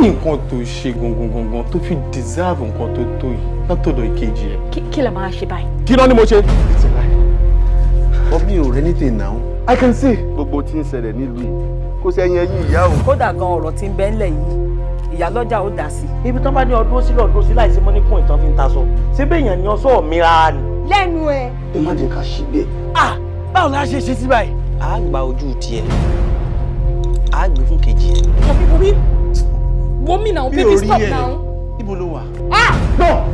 ni nǹkan tó ṣe gangan gangan tó fi deserve nǹkan tó tó yìí látọ̀dọ̀ ìkejì ẹ̀. kí la máa ṣe báyìí. kí ló ni mo ṣe. it's a lie. but mi ò anything now. i can see. gbogbo tí ń ṣẹlẹ̀ nílùú yìí kó sẹ́yìn ẹyìn ìyá o. kódà gan ọ̀rọ̀ tí ń bẹ ńlẹ̀ yìí ìyálọ́jà ó dà sí. ibi tán bá ní ọdún sí lọ́dún sí láìsí mọ́ ní kún ìtàn fi ń taṣọ síbẹ̀ èèyàn ni ọsọ mìíràn ni. lẹ́nu ẹ̀. ẹ má dín ká sí bẹ́ẹ̀. ah báwo la ṣe ṣe sí báyìí. a gba ojú tiẹ̀ a gbé fún kejì ẹ̀. àbí bobi wo mi now baby stop now. ibo ló wà. ah no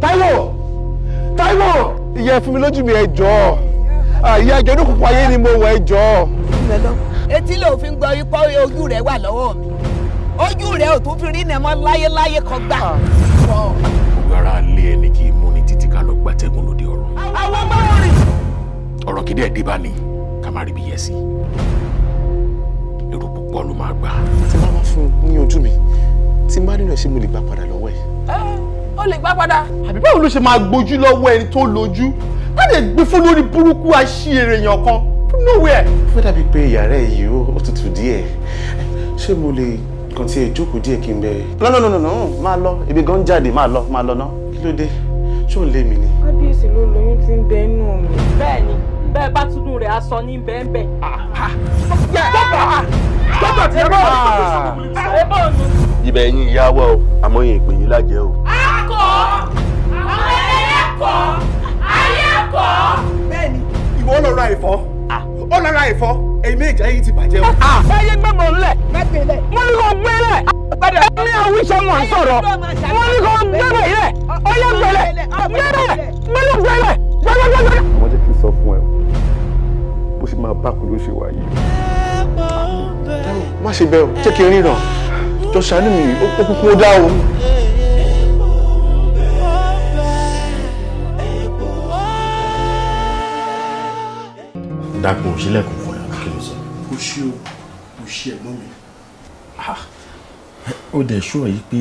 Táíwò Táíwò ìyá fún mi lójú mi ẹ jọ̀ọ́ ah, ìyá ìjọ ní kókó ayé ni mo wọ ẹ jọ̀ọ́. etí ló fi ń gbọ́ ipò ojú rẹ̀ wà lọ́wọ́ mi ojú rẹ̀ ò tún fi rí nẹ̀mọ́ láyéláyé kan gbà. Ah. gbogbo ara lé ẹni kì í mú ni títí ká lọ gbàtẹ́gùn lóde ọ̀rọ̀. àwọn gbọ́dọ̀ rìn. ọ̀rọ̀ kìdí ẹ̀ dé bá ní ká má rí bí yẹ sí i èrò púpọ̀ ló máa gbà. tí wọ́n bá fún un ní ojú mi tí má nílò ṣé mo lè gbà padà lọ́wọ́ ẹ̀. ó lè gbà padà. àbí báwo ló ṣe máa gbójú lọ́wọ́ ẹni tó lójú má lè gbé fún lórí burúkú aṣíire èèyàn kan from nowhere. ó fẹ́ dàbí pé yàrá ẹ̀ yìí ó tutù díẹ̀ ṣé mo lè kàn tí ẹ jókòó díẹ̀ kí n bẹ. lọ́nà máa lọ ibi gan jáde máa lọ máa lọ ná kí ló dé ṣó ń lé mi ni. kábíyèsí ló lóyún ti ń bẹ inú mi. bẹ́ẹ̀ ni bẹ́ẹ̀ bá túnú rẹ̀ aṣọ ní bẹ́ẹ̀nbẹ́ẹ̀. Ah, ah. dókítà ah, tí ẹ bá wà ní. ibẹ̀ yín ìyá wa o àmọ́ yẹn ìpè yín lájẹ́ o. a kọ́ àwọn ẹlẹ́yẹ kọ́ ayé kọ́. bẹ́ẹ̀ni ìwọ lọ ra ìfọ́ ó lọ ra ìfọ́ èyí méjì ayé ti bàjẹ́ o. ẹ yé gbẹ́mọ̀ ńlẹ̀ mo ní kò gbé lẹ̀ padà ní àwíṣẹ́ wọn sọ̀rọ̀ wọ́n ní kò gbẹ́lẹ̀ yẹ ọyẹ́ gbẹ́lẹ̀ gbẹ́lẹ̀ gbẹ́lẹ̀ gbẹ́lẹ̀ gbẹ́lẹ̀. àwọn jẹ́ kí n sọ fún ẹ máa bá kú ló ṣe wà yìí. má ṣe bẹ́ẹ̀ o jẹ́ kí n ríran jọ ṣàánú mi ó kúkú ó dá o. dàpọ̀ òṣìlẹ̀kùn fún ẹ̀ kí ló sọ. kò ṣe o kò ṣe ẹ̀gbọ́n mi. Ah, ó dẹ̀ ṣọ́ yìí pé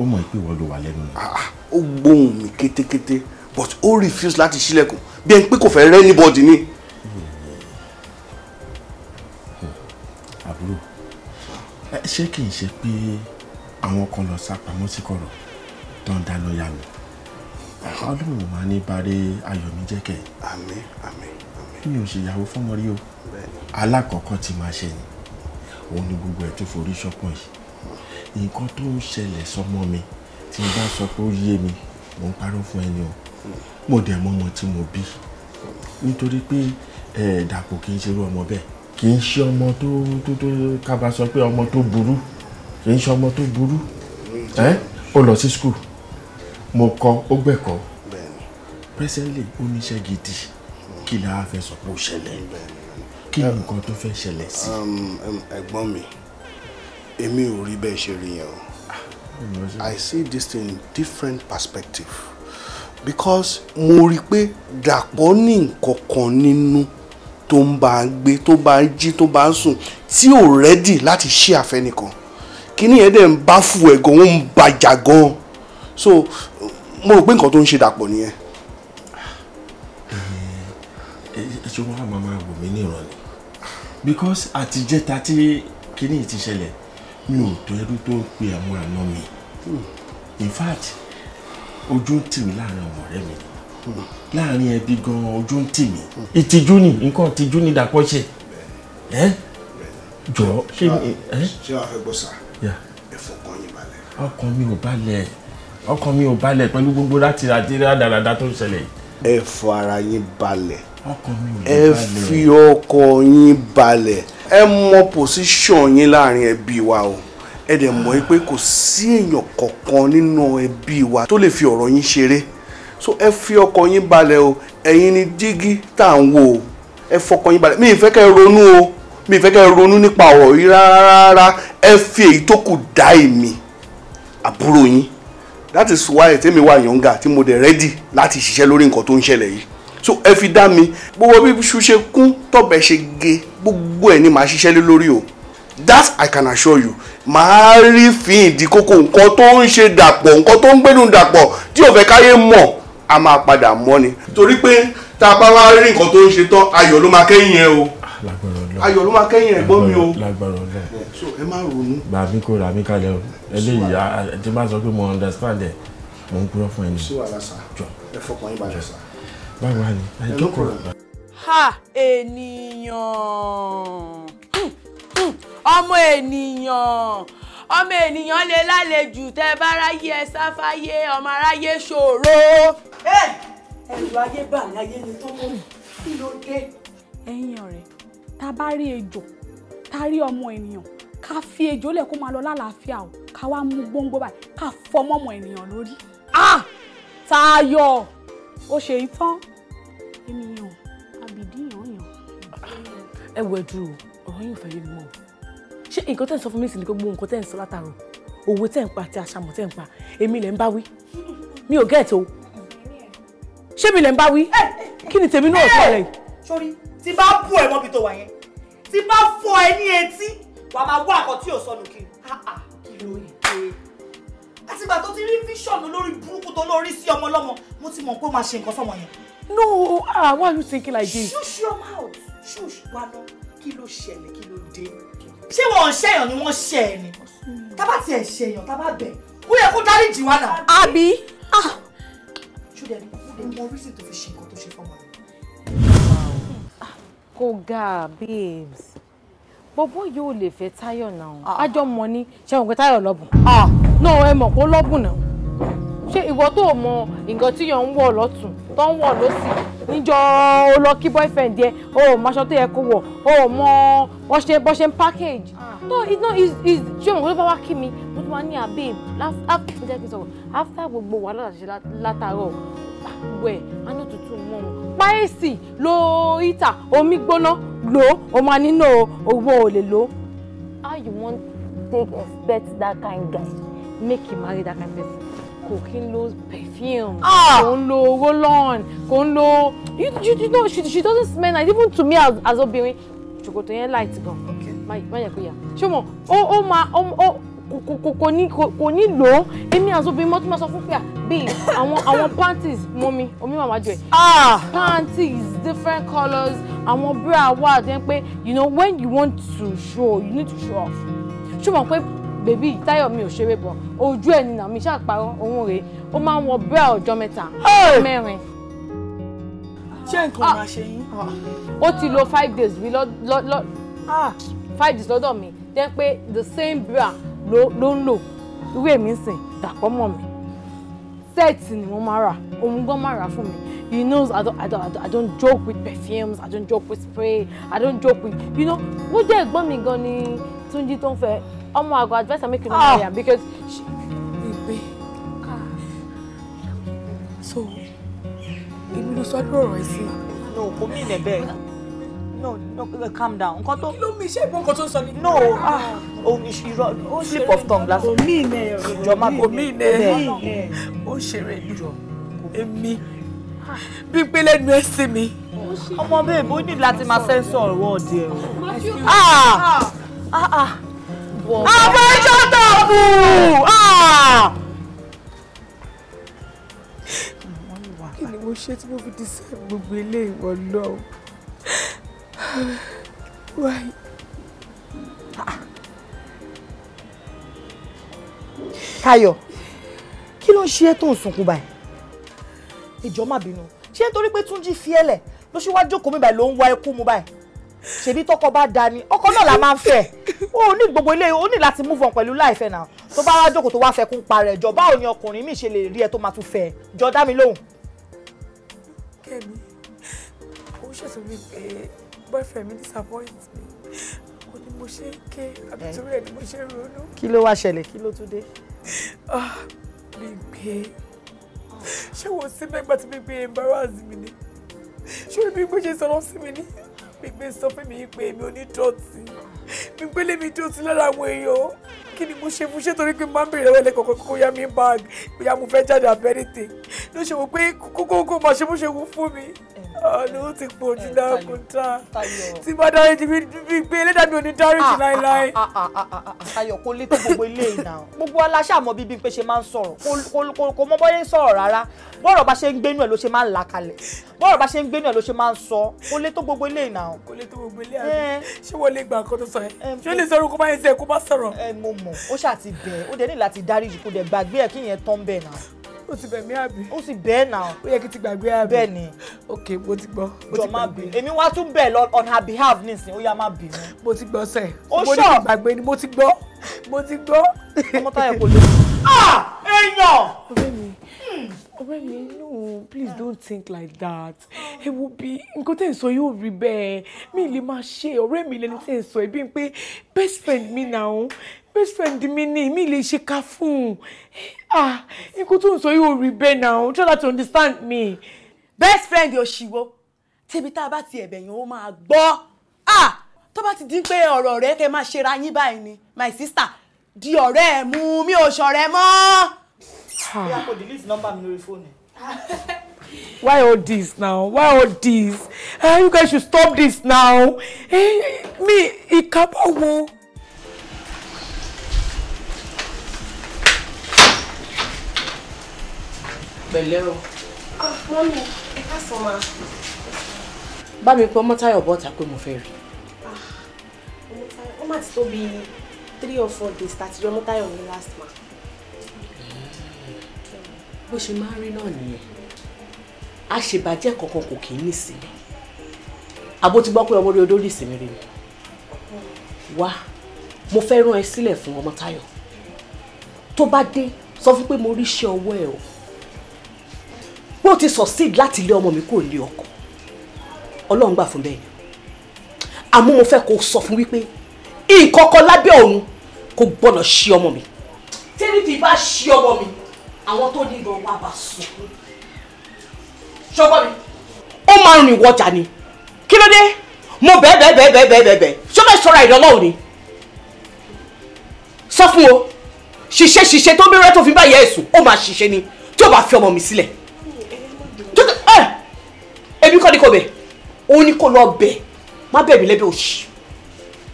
ó mọ̀ pé wọ́n ló wà lẹ́nu rẹ̀. Ah, ó gbóhùn mi kétékété but ó refuse láti ṣílẹ̀kùn bí ẹni pé kò fẹ́ rẹ́ anybody ni. ṣé kì í ṣe pé àwọn kan lọ sá pamọ́ sí kọ̀rọ̀ tó ń dá lọ́ọ̀yà mi ọlọ́run máa ní bare ayọ̀ mi jẹ́kẹ̀. àmín àmín àmín. mi ò ṣèyàwó fọmọ rí o alákọ̀ọ́kọ́ tí máa ṣe ni òun ni gbogbo ẹ̀ tó forí ṣọpọ̀ yìí nǹkan tó ń ṣẹlẹ̀ sọmọ mi tí n bá sọ pé ó yé mi mò ń parọ́ fún ẹni o mo dẹ̀ mọ́ ọmọ tí mo bí nítorí pé ẹ̀ẹ́dàpọ̀ kì í ṣerú ọmọ bẹ́ẹ̀ kì í ṣe ọmọ tó tó tó kábà sọ pé ọmọ tó burú kì í ṣe ọmọ tó burú ẹ ó lọ sí skul mo kọ ó gbẹ̀kọ́ presently ó gidi kí la fẹ́ sọ pé ó ṣẹlẹ̀ kí ni nǹkan tó fẹ́ ṣẹlẹ̀ sí. Um, um, ẹ̀gbọ́n mi èmi ò rí bẹ́ẹ̀ ṣe rí yẹn o ah, I see this thing in different perspective because mo rí i pé Dàpọ̀ ní nǹkan kan nínú. No tó ń bá a gbé tó bá a jí tó bá a sùn tí ò rẹ́dì láti ṣí àfẹnìkan kíní yẹn dẹ̀ ń bá fù ẹ̀ gan ó ń bàjà gan so mo rò pé nǹkan tó ń ṣe dàpọ̀ nìyẹn. ẹ ṣe wọn àmọ́ máa wò mí ní ìrọ̀lẹ́ because àtijẹ́ta tí kíní ti ṣẹlẹ̀ mi ò tó ẹrú tó ń pe àwọn àna mi hmm. in fact ojú ń tì mí láàrin àwọn ọ̀rẹ́ mi ni láàrin ẹbí gan ojú ń tì mí ìtìjú ni nǹkan ìtìjú ni dàpọ̀ ṣe ẹ jọ ṣé ẹ. ṣé wàá fẹ́ gbọ́ sà ẹ fọkàn yín balẹ̀. ọkàn mi ò balẹ̀ ọkàn mi ò balẹ̀ pẹ̀lú gbogbo láti àti rádaràda tó ń ṣẹlẹ̀. ẹ fọ ara yín balẹ̀ ẹ fi ọkọ yín balẹ̀ ẹ mọ pòsíṣàn yín láàrin ẹbí wa o ẹ dẹ̀ mọ̀ pé kò sí èèyàn kankan nínú ẹbí wa tó lè fi ọ̀rọ̀ yín ṣeré so ẹ fi ọkàn yín balẹ̀ o ẹ̀yin ni dígí tá à ń wò o ẹ fọkàn yín balẹ̀ mi ì fẹ́ kẹ́ ronú o mi ì fẹ́ kẹ́ ronú nípa ọ̀rọ̀ yìí rárá ẹ fi èyí tó kù dá èmi àbúrò yín that is why tèmi wà yọ̀ǹgà tí mo dẹ̀ rẹ́dì láti ṣiṣẹ́ lórí nǹkan tó ń ṣẹlẹ̀ yìí so ẹ fi dá mi gbogbo bí iṣu ṣe kún tọ̀bẹ̀ ṣe ge gbogbo ẹ̀ ni màá ṣiṣẹ́ lé lórí o that i can assure you màá rí fi ìdí kókó nǹkan tó ń ṣe dàpọ̀ nǹkan tó ń gbẹ́dùn dàpọ̀ tí ò fẹ́ káyé mọ̀ a máa padà mọ́ torí pé tá a bá wá rí nǹkan tó ń ṣe tán ayọ̀ ló máa kẹ́yìn ẹ o ayọ̀ ló máa kẹ́yìn ẹ̀gbọ́n mi o so ẹ má ronú. gbà mí kó mí kalẹ̀ o eléyìí àti bá sọ pé mo understand ẹ̀ mo ń kúrọ́ fún ẹ ní. sí wàhálà sá ẹ fọkàn yín balẹ̀ sá. báwo wà ẹ jókòó. ha ènìyàn hmm, hmm. ọmọ ènìyàn ọmọ ènìyàn lè lálejò tẹ bá ráyé ẹ sáfáyé ọmọ aráyé ṣòro. ẹ̀rù ayé bà ní ayé ni tó mọ̀ kí ló dé. ẹ̀yin ọ̀rẹ́ tá bá rí ejò tá rí ọmọ ènìyàn ká fi ejò lẹ̀ kó máa lọ lálàáfíà o ká wá mú gbóngbó báyìí ká fọmọ́ ọmọ ènìyàn lórí. ah Táyọ̀ ó ṣe yí tán ènìyàn àbìdí yàn ẹ wẹ dúró ọ̀rọ̀ yìí fẹ́ yé mi mọ́ ṣé nǹkan tẹ́ ń sọ fún mi sì ni gbogbo nǹkan tẹ́ ń sọ látàrọ òwe tẹ́ ń pa àti àṣàmọ̀ tẹ́ ń pa èmi lẹ̀ ń bá wí mi ò gẹ́ẹ̀tì o ṣé mi lẹ̀ ń bá wí kí ni tèmi náà sọ̀rọ̀ yìí. sori tí bá bù ẹ mọ́bi tó wà yẹn tí bá fọ ẹ ní etí wàá máa wá àkọ́ tí ò sọnù kiri kí ló yẹ àtìgbà tó ti rí fíṣọ̀nù lórí burúkú tó lórí sí ọmọ ọlọ́mọ mo ti mọ̀ pé ó máa ṣe nǹkan fọmọ yẹn. no ah why you thinking like this. shush your mouth shush wa lọ kí ló ṣẹlẹ̀ kí ló dé ṣé wọn ò ṣẹyàn ni wọn ṣẹ ẹ ni tábà tiẹ̀ ṣẹyàn tábà bẹ̀ ó yẹ kó dáríjì wá náà. àbí. Ah. ṣùgbọ́n mo mọ orí fi ṣe nǹkan tó ṣe fọmọ rẹ. kò ga babes bọ́bọ́ yóò lè fẹ́ Táyọ̀ náà àjọ ah. mọ́ ni ṣé pé Táyọ̀ lọ́bùn. Ah. náà ẹ mọ̀ kó lọ́bùn náà ṣé ìwọ tó mọ nǹkan tí yàn ń wọ̀ lọ́tún tó ń wọ̀ lọ́sì níjọ́ ó lọ kí boyfriend yẹ ó mọ tó yẹ kó wọ̀ ó mọ ọṣẹ bọ́ṣẹ package ah. no it's not it's ṣé òun ló bá wá kí mi mo tún wá ní àbí ah, after after gbogbo wàhálà ṣe látàárọ̀ wẹ̀ anú tuntun mọ́ wọn páyèsì lo ìta omi gbóná lo o máa nílò owó ò lè lo. how you wan take expect that kind guy make you marry that kind person kò kí ń lo perfume ah! kò ń lo roll-on kò ń lo you you you know she she doesn't smell nice even to me as as obìnrin ṣòkòtò yẹn light gan má yẹ kó yà ṣé mo ó ó ma, ó ó kò ní kò ní lò ó èmi as obìnrin mo tún máa sọ fún pé bíi àwọn àwọn panties mọ mi omi màmá jọ ẹ ah! panties different colours àwọn bra wà dé pé you know when you want to show you need to show off ṣé mo pé bèbí táyọ̀ mi ò ṣeré bọ̀ ojú ẹ̀ nínà mi ṣàparọ́ òun rèé ó máa ń wọ bra ọjọ́ mẹ́ta mẹ́rin. ṣé nǹkan máa ṣe yín. Ah! ó ti lo five days rí ah! five days lọ́dọ̀ mi jẹ́ pé the same bra ló ń lò irú èmi ń sìn dàpọ̀ mọ́ mi sẹ́ẹ̀tì ni mo máa rà òun gan máa rà fún mi he knows I don't, I don't, I don't, I don't joke with perfumes I don't joke with spray I don't joke with you know wọ́n jẹ́ ẹ̀gbọ́n mi gan ni Túnjí tó ń fẹ́ ọmọ àgọ advice make you no ah. marry am because. Baby. Ah. so èmi ló sọ ọdún ọ̀rọ̀ ẹ sí. no kò mí ilẹ̀ bẹ́ẹ̀ no no uh, calm down nǹkan tó. ló mi ṣe ìbọn kan tó ń sọ ni. no ah omi irọ́ o slip of tongue lásán. for me, ilẹ̀ ìjọba kò mí ilẹ̀ ó ṣeré ìjọ èmi bí pélé nu ẹ sí mi ọmọ bẹẹ bó ní láti máa sẹ́ńsọ̀ Ah. ọ̀dẹ̀ ẹ̀. Ah, àwọn ìṣọ́tọ̀ọ̀bù. kí ni mo ṣe tí mo fi di sẹ́ẹ̀ gbogbo ilé ìwọ náà wáyé. Táyọ̀ kí ló ń ṣe ẹ́ tó ń sunkún báyìí ìjọ má bínú ṣé nítorí pé Túnjí fi ẹlẹ̀ ló ṣe wá jókòó báyìí ló ń wá ẹkú mu báyìí ṣèbí tọkọ bá da ni ọkọ náà la máa ń fẹ́ o ní gbogbo ilé o ní láti move on pẹ̀lú láìfẹ́ náà tó bá wá jókòó tó wá fẹ́ kún parẹ́ jọ báwo ni ọkùnrin mi ṣe lè rí ẹ tó máa tún fẹ́ jọ dá mi lóhùn. kẹ́mi ó ṣètò mi pé boyfriend mi disappoint me ó ní mo ṣe ń ké àbítúrò ẹ̀ ni mo ṣe ń ronú. kí ló wá ṣẹlẹ̀ kí ló tún dé. Ah, mi gbé ṣé wo sí mẹ́gbà tí mi gbé embarrass mi ni ṣé o ní bí mo ṣe sọ lọ sí mi ni mi gbé sọ fún mi pé mi ò ní dọ̀tí pípélé mi tó sí lára àwọn èèyàn kí ni mo ṣe fún ṣé torí pé máa ń bèrè lọ́wọ́ ẹlẹ́kọ̀ọ́ kọ́kọ́ kó yá mi báàgì bóyá mo fẹ́ jáde àbẹ́rẹ́tẹ̀ ló ṣe wò pé kókó kó máa ṣe bó ṣe wù fún mi. ẹ ọ̀nà ti pọ̀ jù eh, dáàkú tán tí bá dárí jù bí pé ẹlẹ́dàbí òní dárí jù ah, ah, láéláé. Ayọ̀ kò lè tó gbogbo ilé ìnà gbogbo aláṣà mọ bíbí pé ṣe máa ń sọ̀rọ̀ kò mọ bọ́yé sọ̀rọ̀ rárá bọ́rọ̀ bá ṣe ń gbénú ẹ̀ ló ṣe máa ń là kalẹ̀ bọ́rọ̀ bá ṣe ń gbénú ẹ̀ ló ṣe máa ń sọ kò lè tó gbogbo ilé ìnà. kò lè tó gbogbo ilé àná eh. ṣé wọ́n lè gbà nǹkan tó sọ yẹn eh, ṣé ó lè sọ̀rọ̀ kó bá yẹn sẹ́ kó bá sọ̀rọ̀. ẹ mo o ti bẹ̀ mí àbí. ó sì bẹ́ẹ̀ náà. ó yẹ kí ti gbàgbé àbí. bẹ́ẹ̀ ni. ok mo ti gbọ́. jọ má bì èmi wá tún bẹ̀ lọ on her behalf nísìnyí ó yá má bì mí. mo ti gbọ́ sẹ́ẹ̀. ó ṣọ́ mo ní kí gbàgbé ni mo ti gbọ́ mo ti gbọ́. ọmọ táyà kò lè. Ah! èèyàn. ọ̀rẹ́ mi hmm. ọ̀rẹ́ mi no please don't think like that ẹ wo bí nǹkan tẹ̀ ń sọ yóò rí bẹ́ẹ̀ mi lè máa ṣe ọ̀rẹ́ mi lẹni tẹ̀ ń sọ ẹ bí n pé best friend mi náà best friend mi ni mi lè ṣe ká fún ah nǹkan tó ń sọ yóò rí bẹ́ẹ̀ náà try to understand me. best friend òṣìwò tèmi Tell me, bá ti ẹ̀bẹ̀ yẹn ó máa gbọ́ ah tó bá ti di pé ọ̀rọ̀ rẹ kẹ́ máa ṣera yín báyìí ni my sister di ọ̀rẹ́ ẹ̀ mi ò ṣọ̀rẹ́ mọ́. Ah. Why all this now? Why all this? Uh, you guys should stop this now. Hey, eh, me, ìkàbọ̀ wo. pẹ̀lẹ́ o. Ah, mọ́mí ẹ ká sọ ma. bá mi pé ọmọ táyọ̀ bọ́ta pé mo fẹ́ rí. Ah, ó mà ti tó bíi three or four days tàti rí ọmọ táyọ̀ ní last ma. Eh, bó ṣe máa ń rí náà nìyẹn àṣebàjẹ́ kankan kò kì í nísìnyí àbó ti gbọ́ pé ọmọ rí odó rí ìsinmi rí mi mm-hmm. wá mo fẹ́ rán ẹ sílẹ̀ fún ọmọ táyọ̀ tó bá dé sọ fún pé mo rí iṣẹ́ ọwọ́ ẹ o pé ó ti succeed láti lé ọmọ mi kúrò nílé ọkọ ọlọ́run gbà fún bẹ́ẹ̀ ni àmọ́ mo fẹ́ kó sọ fún wípé nǹkan kan lábẹ́ ọ̀run kò gbọ́dọ̀ ṣí ọmọ mi tẹ́lẹ̀ tí bá ṣí ọmọ mi àwọn tó ní ìbọn wà bá sùn ṣọgbọ́n mi ó máa ń rìn wọjà ni kí ló dé mo bẹ́ẹ̀ bẹ́ẹ̀ bẹ́ẹ̀ bẹ́ẹ̀ bẹ́ẹ̀ bẹ́ẹ̀ bẹ́ẹ̀ ṣó fẹ́ sọra ìdánlọ́wọ́ ni sọ fún o ṣiṣẹ́ ṣiṣẹ́ tó ń bẹ̀rẹ̀ tó fi bá yẹ ẹ̀sùn ó máa ṣiṣẹ́ ni tí ó bá fi ọmọ mi sílẹ̀ jọjọ ẹ ebi kọ́ ni kò bẹ̀ òun ni kò lọ bẹ̀ má bẹ̀ mí lẹ́bẹ̀ òṣì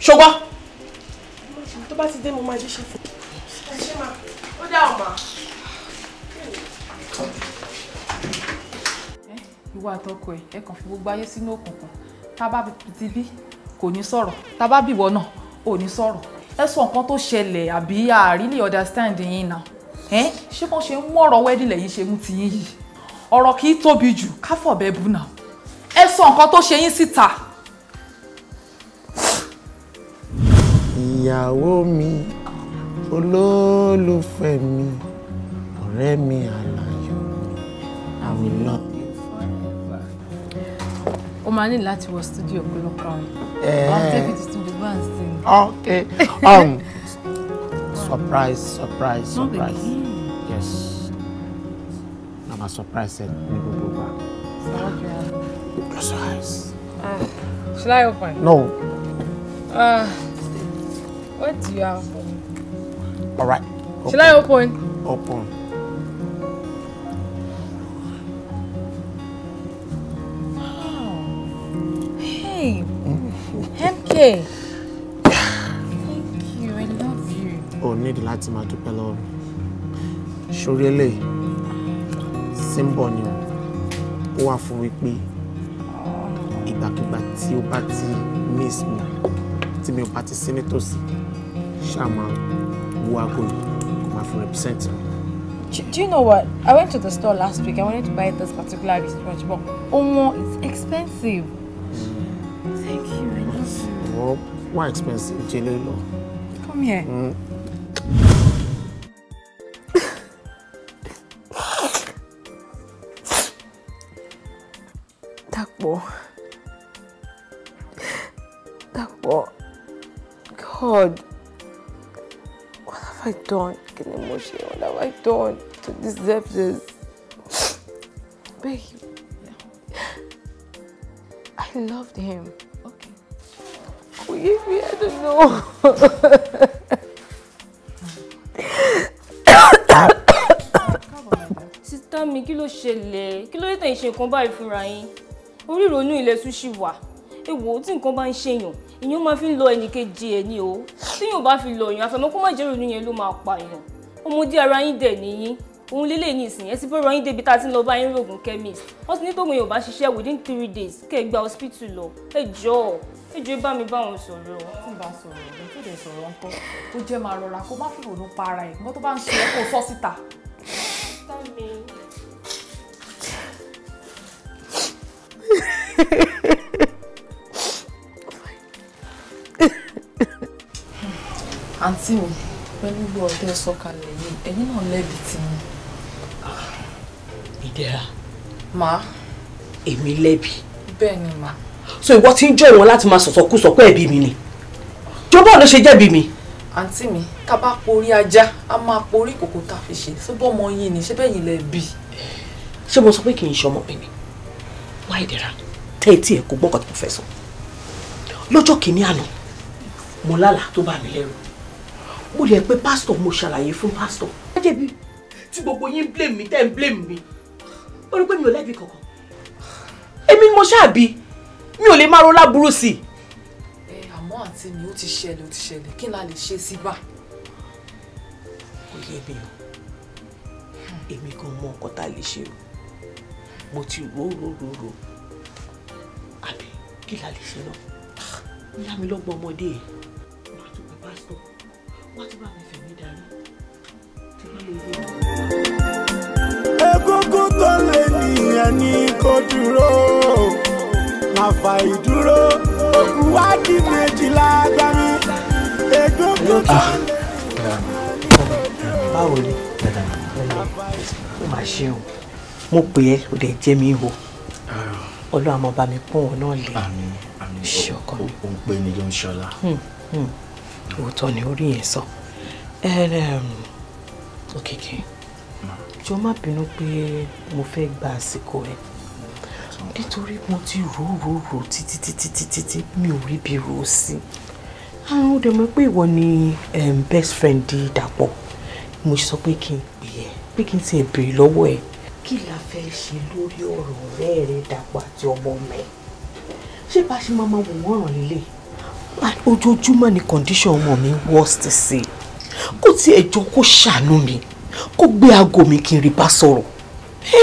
ṣọgbọ́. tó bá ti dé mo máa jíṣẹ́ fún ẹ ṣe máa ó dá ọ̀ máa. ìwà àtọkọ ẹ ẹ kàn fi gbogbo ayé sínú òkùnkùn tá a bá ti bí kò ní sọ̀rọ̀ tá a bá bìwọ náà ò ní sọ̀rọ̀ ẹ sọ nǹkan tó ṣẹlẹ̀ àbí àrílẹ̀ understand yín náà ṣé kàn ṣe ń mú ọ̀rọ̀ wedding lẹ́yìn ṣe mú tiyín yìí ọ̀rọ̀ kì í tóbi jù káfọ̀bẹ́ bú náà ẹ sọ nǹkan tó ṣe yín síta. ìyàwó mi olólùfẹ́ mi ọ̀rẹ́ mi àlàyò àwọn iná. o máa ní láti wọ studio ọ̀pọ̀lọpọ̀ àwọn. I'll take okay um surprise surprise surprise yes máa surprise ẹ ní gbogbo wa. close your eyes. Uh, ah, should I open? No. Uh, what do you have for me? All right. Open. Should I open? Open. Wow. Hey, MK. Thank you. I love you. O ní láti máa dúpẹ́ lọ́wọ́ mi. Ṣorí eléyìí sí ni o ó wà fún wípé ìgbàkigbà tí o bá ti miss mi tí mi ò bá ti sí nítòsí ṣáà wo aago yìí kò máa fi represent mi. Do, do you know what? I went to the store last week. I wanted to buy this particular wristwatch, but Omo, it's expensive. Mm. Thank you. I love you. Well, why expensive? Come here. Mm. done an emotional. What I don't deserve this? Babe, I loved him. Okay. Forgive me, I don't know. Sister me kilo ló kilo Kí ló dé tẹ̀yìn ṣe nǹkan báyìí fúnra yín? ẹ wò ó tí nǹkan bá ń ṣèyàn èèyàn máa fi ń lọ ẹnìkejì ẹ ní o tíyàn bá fi lọ èèyàn àfẹmọ́ kó má jẹ́rò inú yẹn ló máa pa èèyàn ọmọdé ara yín dẹ̀ nìyí òun lélẹ̀ ní ìsìn ẹ ti bọ́rọ̀ yín débi tá a ti ń lọ bá yín rògùn chemist wọ́n ti ní tóun yóò bá ṣiṣẹ́ within three days kẹ́ ẹ gba hospital lọ ẹ jọ̀ọ́ ẹ jọ̀ọ́ bá mi bá wọn sọ̀rọ̀. tí n bá sọ̀rọ̀ ọ̀dọ̀ tó dẹ̀ sọ̀rọ̀ ńkọ́ ó jẹ́ máa rọra kó má fi òun pa ara ẹ̀ mọ́ tó bá ń ṣe kó sọ síta. Tell me. àǹtí mi pẹ̀lú gbọ́ ọ̀tẹ́ sọ̀kalẹ̀ yìí ẹ̀yin náà lẹ́bi tì mí. Ah, ìdẹ́ra. màá. èmi lẹ́bi. bẹ́ẹ̀ ni màá. so ìwọ ti ń jọ ìwọ̀n láti máa sọ̀sọ̀ kú sọ pé ẹ̀bi mi ni jọba ló ṣe jẹ̀bi mi. àǹtí mi ká bá porí ajá a máa porí kòkó tá a fi ṣe ṣé bọ́mọ yín ni ṣé bẹ́ẹ̀ yín lẹ́bi. ṣé mo sọ pé kì í ṣọmọ mi ni wá ìdẹ́ra tẹ́ etí ẹ̀ kó gbọ́kàn mo lè pe pásítọ̀ mo ṣàlàyé fún pásítọ̀. ẹ jẹ̀bi tí gbogbo yín blame mi tẹ́ ń blame mi ó rí pé mi ò lẹ́bi kankan èmi mo ṣáàbí mi ò lè máa ro láburú sí i. ẹ àmọ́ àǹtí mi ó ti ṣẹlẹ̀ ó ti ṣẹlẹ̀ kí n la lè ṣe sí bá. kò yé mi o èmi gan mọ nǹkan tá a lè ṣe o mo ti rò rò rò rò àbí kí la lè ṣe náà lámìlọ́gbọ̀n ọmọdé yìí wọ́n á tún wọ́n ti bá mi fẹ̀mí darí egungun tó lé nìyẹn ni kò dúró àfà ìdúró òkú wá di méjìlá gbani egungun tó lé báwo ni ó máa ṣe o mo pè ẹ́ o lè jẹ́ mi wò ọlọ́run àmọ́ bá mi pọ́n ọ náà lè ṣe ọkọ mi. o ń pè ní ló ń òótọ́ ni orí yẹn sọ òkèké um, jọ má bínú pé mo fẹ́ gba àsìkò ẹ nítorí mo ti rò rò rò títí títí títí tí mi ò rí bí rò sí àrùn dẹ̀ mọ̀ pé ìwọ ni um, best friend di dàpọ̀ mo sọ pé kí n pè ẹ́ pé kí n ti béèrè lọ́wọ́ ẹ kí la fẹ́ ṣe lórí ọ̀rọ̀ ọ̀rẹ́ rẹ dàpọ̀ àti ọmọ mẹ́ ṣé bá ṣe máa máa wò wọ́n ràn lélẹ̀ ojoojúmọ́ ni condition ọmọ mi worst sí i kó tiẹ̀ jọ kó ṣàánú mi kó gbé aago mi kí n rí bá sọ̀rọ̀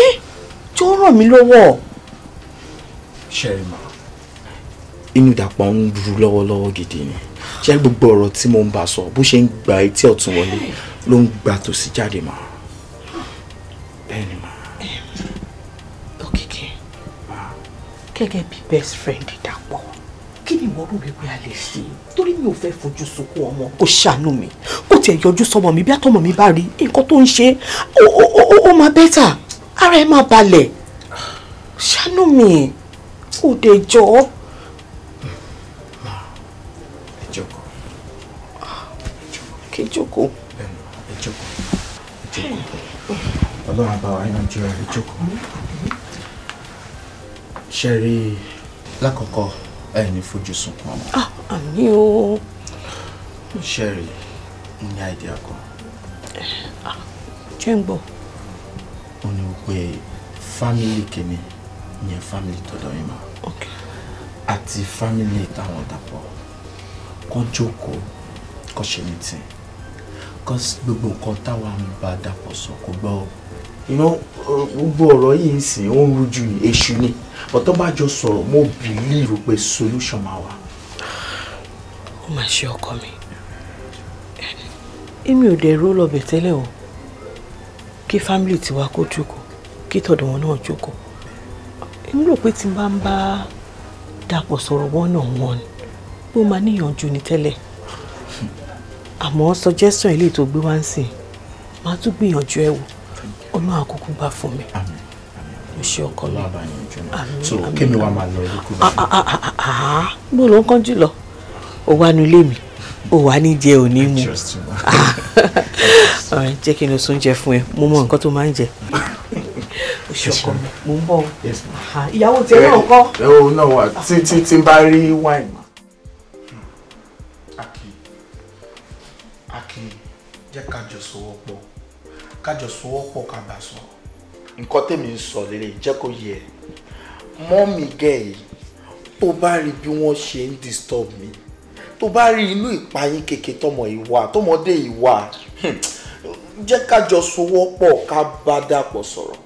ẹ jọ ràn mí lọ́wọ́. ṣẹ́rìmà inú Dàpọ̀ ń ru lọ́wọ́lọ́wọ́ gidi ni ṣé gbogbo ọ̀rọ̀ tí mo ń bá sọ bó ṣe ń gba etí ọ̀tún wọlé ló ń gba tòsí jáde mà bẹ́ẹ̀ ni Òkìkí gẹ́gẹ́ bí best friend Dàpọ̀ ìwọ rò wípé a lè ṣe torí mi ò fẹ́ fojú sunkún ọmọ kò ṣàánú mi kò tiẹ̀ yọjú sọmọ mi bí àtọmọ mi bá rí nǹkan tó ń ṣe ó máa bẹ́tà ara ẹ̀ máa balẹ̀ ṣàánú mi kò dé jọ. ẹ jókòó kí jókòó. ẹ jókòó ẹ jókòó ọlọ́run àbáwá yanjú ẹ jókòó ṣe rí lákọ̀ọ́kọ́ ẹ ní fojú sunkún ọmọ. Ah, àmì o. sherry ń ní àìdí akọ. Ah, ṣé ń gbọ́. ó ní pé fámìlì kìíní yẹn fámìlì tọ̀dọ̀ yín mọ́ àti fámìlì táwọn dàpọ̀ kọ́ jókòó kọ́ ṣe mítìn kọ́ gbogbo nǹkan táwọn bá dàpọ̀ sọ kó gbọ́ gbogbo ọ̀rọ̀ yìí ń sìn ó ń rújú èṣù ni ọ̀tọ́ bá jọ sọ̀rọ̀ mo bìlíìrù pé solution máa wà. ó mà ṣe ọkọ mi èmi ò dẹ̀ ró lọ́bẹ̀ tẹ́lẹ̀ o kí fámìlì tiwa kó jókòó kí tọ̀dọ̀ wọn náà jókòó èmi rò pé tí n bá ń bá dàpọ̀ sọ̀rọ̀ wọn náà wọn ni ó máa níyànjú ni tẹ́lẹ̀ àmọ́ suggestion eléyìí tó gbé wá ń sìn máa tún gbìyànjú ẹ̀ wò Ọlọ́run àkókò gbà fún mi mo ṣe ọkọ mi so kémi wa máa lọ orúkú bá mi. bó ló ń kánjú lọ ó wá nu ilé mi ó wá ní jẹ òní mu ah. jẹ́ kí n lọ sóúnjẹ fún ẹ mo mọ nǹkan tó máa ń jẹ ìṣọ̀kan mo ń bọ̀ ah, ìyàwó eh, eh, oh, tí ẹ̀rọ kọ́. ẹ o náà wà títí tí n bá rí wáìnì. Hmm. Akin Akin jẹ́ ká jọ sọ̀wọ́ pọ̀ kájọ sọwọ́pọ̀ ká bá sọ. nǹkan tèmi ń sọ lélẹ̀ jẹ́ kó yẹ mọ́mì gẹ̀ yìí tó bá rí bí wọ́n ṣe ń disturb mi tó bá rí inú ìpayín kèké tọmọ ìwà tọmọdé ìwà hmm, jẹ́ kájọ sọwọ́pọ̀ ká bá dàpọ̀ sọ̀rọ̀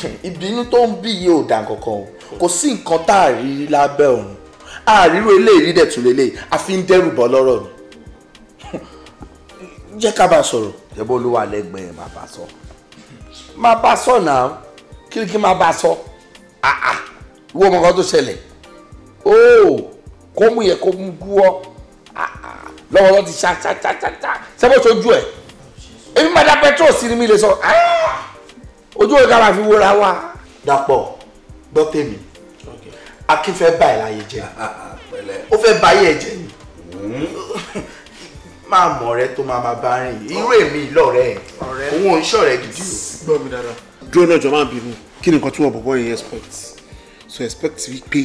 hmm, ìbínú tó ń bí yìí ò dà kankan o kò sí nǹkan tá a rí lábẹ́ ọ̀run àríro eléyìí dẹ̀ tún lélẹ̀ àfi ń dẹ́rù bọ́ lọ́rọ̀ ni jẹ́ ká bá sọ̀rọ̀. ṣẹ́bó ló wà lẹ́gbẹ̀ẹ́ yẹn máa bá sọ. máa bá sọ náà kí kí máa bá sọ àà ìwọ ọmọ kan tó ṣẹlẹ̀ óò kó mú yẹ kó mú gú ọ lọ́wọ́ lọ́ ti ṣá ṣá ṣá ṣá ṣá ṣẹ́bó ṣojú ẹ̀ èmi máa dá pẹ́trọ̀ sí ni mi lè sọ ojú ọ̀gá máa fi wúra wa. dàpọ̀ gbọ́ tèmi akin fẹ́ bá ẹ̀ láyé jẹ́ ó fẹ́ báyé ẹ̀ jẹ́ máa mọ̀ ọ̀rẹ́ tó máa máa bá rìn irú èmi lọ́rẹ́ ẹ̀ òun ò ń ṣọ̀rẹ́ o. gbọ́ mi dada. dúró náà jọ máa bínú kí ni nǹkan tí wọ́n bọ̀bọ̀ yẹn expect so expect wípé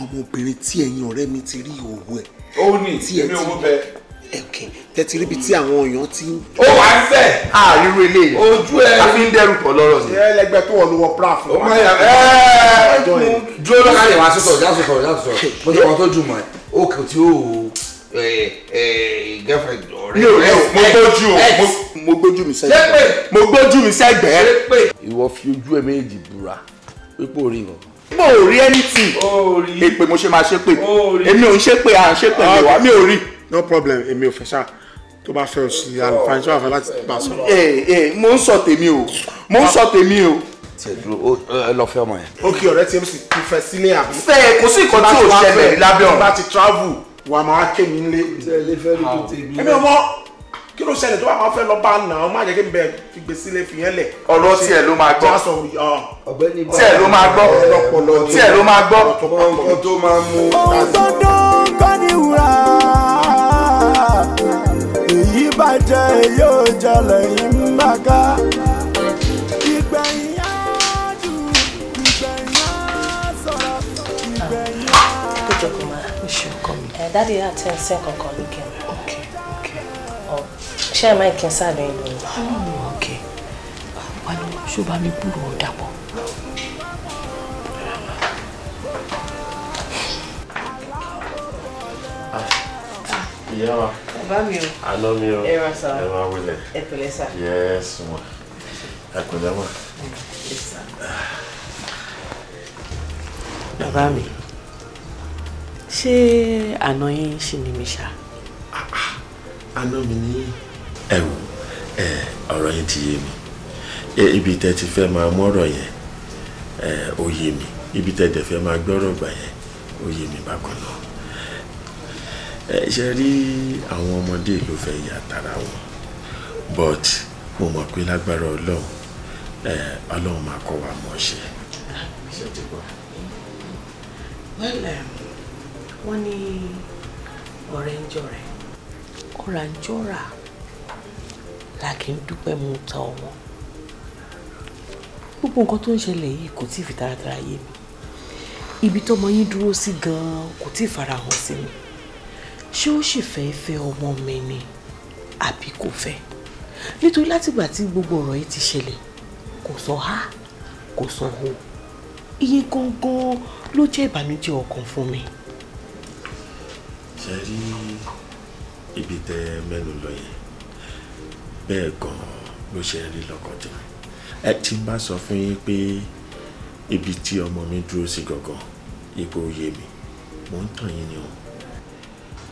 ọmọbìnrin tí ẹ̀yin ọ̀rẹ́ mi ti rí ìhòòhò ẹ̀. ó ní èmi ò mú bẹ́ẹ̀. ẹ̀kẹ́ tẹ́tí ríbi tí àwọn èèyàn ti ń. ó wà ń fẹ́. àríwú eléyìí ojú ẹ a fi ń dẹrù pọ̀ lọ́rọ̀ ni. ẹlẹgbẹ́ tó wọ̀ ló wọ pra fún wa. ó máa yà ẹ́ẹ́ dúró lọ́kàlẹ̀ wá sọ̀tọ̀ já sọ̀tọ̀ já sọ̀tọ̀ mo ti kàn tó jùmọ̀ ẹ̀ ó kò tí ó girlfriend ọ̀rẹ́. mi ò rí o mo gbójú o mo gbójú mi sẹ́gbẹ̀ẹ́ mo gbójú mi sẹ́gbẹ̀ẹ́. ìwọ fi ojú ẹ méjì búra pípò rí o mo ò rí anything èpè mo ṣe máa ṣe pé èmi ò ń ṣe pé à ń ṣe pé mi wà mi ò rí. no problem èmi ò fẹ́ ṣáà tó bá fẹ́ òsì àlùfáàní tó bá fẹ́ láti bá sọ̀rọ̀. ẹ ẹ mo ń sọ tèmi o mo ń sọ tèmi o. tiẹ̀ dúró ẹ lọ fẹ́ ọmọ yẹn. ok ọ̀rẹ́ tí mo sì fẹ́ sílé àbí. fẹ́ kò sí nǹkan tí lábẹ́ ọ̀rọ̀ wà máa ké mi lé. tẹ̀lé fẹ́ rí tó tèmi lẹ. ẹ̀mi ọmọ kí ló ṣẹlẹ̀ tó bá máa fẹ́ lọ bá nà ọ́ má jẹ́ kí n bẹ fi gbèsè lé fi yẹn lẹ̀. ọ̀rọ̀ tiẹ̀ ló máa gbọ́ tiẹ̀ ló máa gbọ́ tiẹ̀ ló máa gbọ́. ọkọ tó máa mú. ohun tó dán kọ́ èyí bàjẹ́ yóò jẹ lẹ́yìn mbàká. Daddy, yà ti ń sẹ́ kankan lókè mi. ok ok. ṣé ẹ máa kí n sáà lóyún lóyún. Oh, ok wà ní ṣó bá mi búrò ó dàpọ̀. Ah, ìyá wa bàbá mi o àná mi o Era wá sá ẹ wá wọlé ẹ pẹ̀lẹ́ sá. yẹ́sì wọn ẹ pẹ̀lẹ́ wọn. bàbá mi ṣé àná yín ṣì ni mi ṣá. àná mi ní ẹ wò ẹ ọ̀rọ̀ yẹn ti yé mi ibi tẹ́ ti fẹ́ máa mú ọ̀rọ̀ yẹn ó yé mi ibi tẹ́ dẹ̀ fẹ́ máa gbọ́rọ̀ gbà yẹn ó yé mi bákan náà ṣe rí àwọn ọmọdé ló fẹ́ yà tara wọn but mo mọ̀ pé lágbára ọlọ́run ọlọ́run máa kọ́ wa mọ̀ ṣe. well um, wọ́n ní ọ̀rẹ́ ń jọ̀rẹ́ ọ̀rà ń jọ̀rà là kì í dúpẹ́ mú ta ọwọ́ gbogbo nǹkan tó ń ṣẹlẹ̀ yìí kò tíì fi taratara yé mi ibi tọmọ yín dúró sí gan-an kò tíì farahàn sí mi ṣé ó sì fẹ́ fẹ́ ọmọ mi ni àbí kò fẹ́ nítorí látìgbà tí gbogbo ọ̀rọ̀ yìí ti ṣẹlẹ̀ kò sọ há kò sọ hó iye gangan ló jẹ́ ìbànújẹ́ ọkàn fún mi ṣe rí ibi tẹ mẹ́nu lọ yẹn bẹ́ẹ̀ gan-an ló ṣe rí lọ́kàn tèmi ẹ ti bá sọ fún yín pé ibi tí ọmọ mi dúró sí gangan ipò òye mi mò ń tàn yín ni o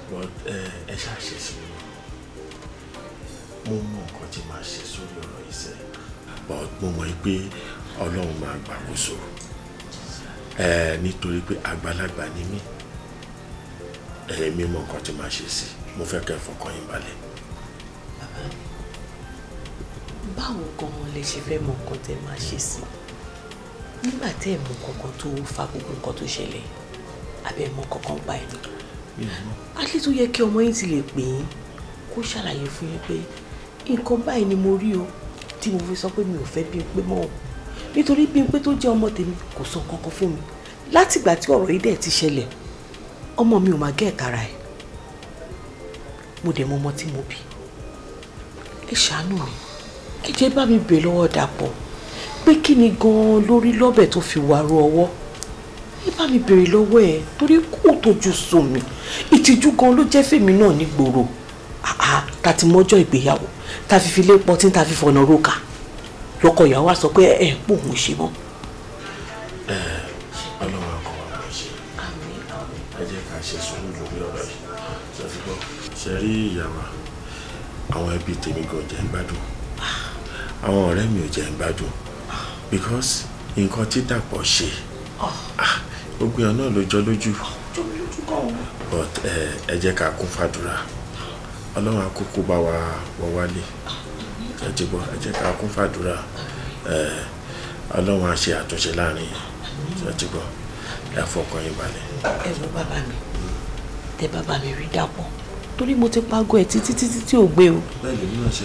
but ẹ ṣàṣẹ sí mi mo mọ nǹkan tí màá ṣe sórí ọ̀rọ̀ iṣẹ́ mo mọ̀ pé ọlọ́run máa gbàkóso nítorí pé àgbàlagbà ni mí ẹ̀yin mi mọ nǹkan tí màá ṣe sí mo fẹ́ kẹ́ ẹ fọkàn yín balẹ̀. bàbá báwo gan-an lè ṣe fẹ́ mọ nǹkan tẹ́ máa ṣe sí nígbà tẹ́ ẹ̀ mọ kankan tó fa gbogbo nǹkan tó ṣẹlẹ̀ àbẹ̀ ẹ̀ mọ kankan pa ẹ̀ nù. alẹ́ tó yẹ kí ọmọ yín ti lè pè é kó ṣàlàyé fún yín pé nǹkan báyìí ni mo rí o tí mo fi sọ pé mi ò fẹ́ bí n pé mọ́ o nítorí bí pé tó jẹ́ ọmọ tèmi kò sọ kankan fún mi látìgbà tí ọ̀rọ̀ yìí dẹ̀ ti ṣẹlẹ̀ ọmọ mi ò máa gẹ́ ẹ̀tara ẹ̀ mo dẹ̀ mọ ọmọ tí mo bí ẹ ṣàánú mi ẹ jẹ́ bá mi bèè lọ́wọ́ dàpọ̀ pé kí ni gan-an lórí lọ́bẹ̀ tó fi wàrú ọwọ́ ẹ bá mi bèèrè lọ́wọ́ ẹ torí kò tójú sùn mi ìtìjú gan ló jẹ́ fèmi náà nígboro àhà ta ti mọ́jọ́ ìgbéyàwó ta fi fi lé pọtí ta fi fọ̀nà róka lọ́kọ ìyàwó wa sọ pé ẹ ń pòun ṣe mọ́. ẹ ọlọ́run ṣe rí ìyàwó àwọn ẹbí tèmi gan jẹ́ ń àwọn ọ̀rẹ́ mi ò jẹ́ ń because nǹkan tí Dàpọ̀ ṣe ah, gbogbo èèyàn náà ló jọ lójú but ẹ jẹ́ ká kún fàdúrà ọlọ́run àkókò bá wa wọ ẹ ti gbọ́ ẹ jẹ́ ká kún fàdúrà ọlọ́run á ṣe àtúnṣe láàrin ẹ ti gbọ́ ẹ fọkàn yín balẹ̀. ẹ lọ bàbá mi tẹ bàbá mi rí Dàpọ̀ torí mo ti pago ẹ̀ títí títí tí ò gbé o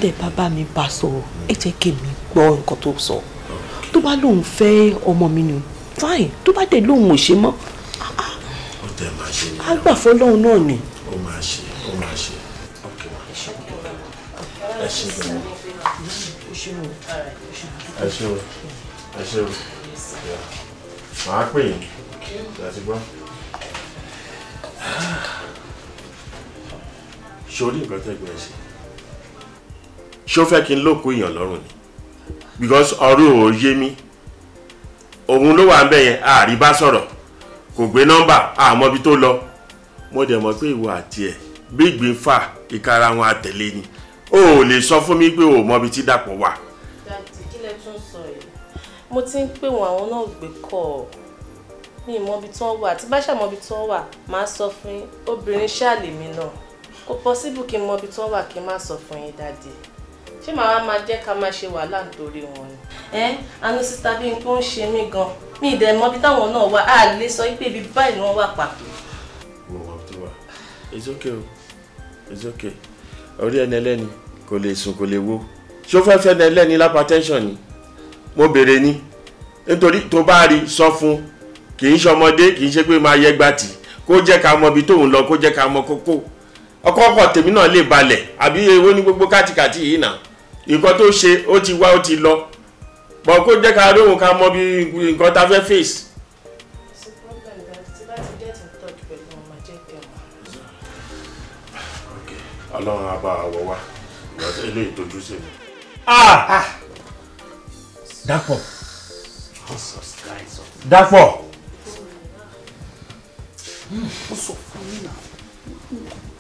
tẹ bàbá mi bá sọ̀rọ̀ ẹ jẹ́ kí mi gbọ́ nǹkan tó sọ tó bá lóun fẹ́ ọmọ mi ni fine tó bá dẹ̀ lóun ò ṣe mọ́ agbàfọ́ lọ́hùn náà ni. ó máa ṣe ó máa ṣe ọkẹ́ wa ẹ ṣe bẹ̀rẹ̀ ẹ ṣe o ẹ ṣe o màá pè yín láti gbọ́ ṣorí nǹkan tẹ́gbọ́n ẹ ṣe ṣó fẹ́ kí n lóko èèyàn lọ́rùn ni because ọ̀rọ̀ ò yé mi òun ló wà ń bẹ̀ yẹn àárí bá sọ̀rọ̀ kò gbé nọ́mbà àmọ́ ibi tó lọ mo dẹ̀ mọ̀ pé ìwọ àti ẹ̀ bí ìgbín fà ìkara wọn àtẹ̀lé ni o ò lè sọ fún mi pé o ò mọbi tí dàpọ̀ wà. dàtí kí lẹ tún sọ yìí mo ti ń pè wọn àwọn náà gbé kọ ọ mi ì mọbi tí wọn wà tí bá ṣàmọbi tí wọn wà máa sọ fún obìnrin ṣáà lèmi náà kò pọ́síbù kí n mọ ibi tí wọ́n wà kí n má sọ fún yín dáadé ṣé màá máa jẹ́ ká máa ṣe wàhálà nítorí wọn ni. ẹ àánú sísá bí n kò ń ṣe mí gan mi ì dẹ̀ mọ ibi táwọn náà wà á lè sọ pé ibi báyìí ni wọ́n wà pàtó. mo wà tó wà it's o it's okay orí ẹni ẹlẹ́ni kò lè sùn kò lè wo ṣé ó fẹ́ fẹ́ ẹni ẹlẹ́ni lápá tẹ́ńṣọ̀n ni mo béèrè ni nítorí tó bá rí sọ fún kì í ṣọmọdé kì í ṣe pé máa yẹ gbàtì kó jẹ́ ká mọ ibi tóun lọ kó jẹ́ ká mọ kókó ọkọ̀ọ̀kọ̀ tèmi náà lè balẹ̀ àbí ewé ní gbogbo kàtìkàtì yìí nà nǹkan tó ṣe ó ti wá ó ti lọ bọ̀ kó jẹ́ ká lóhùn ká mọ bí nǹkan tá a fẹ́ face. ọlọ́run á bá àwọ̀ wá eléyìí tójú sí mi. dapò ah! ah! ah! dapò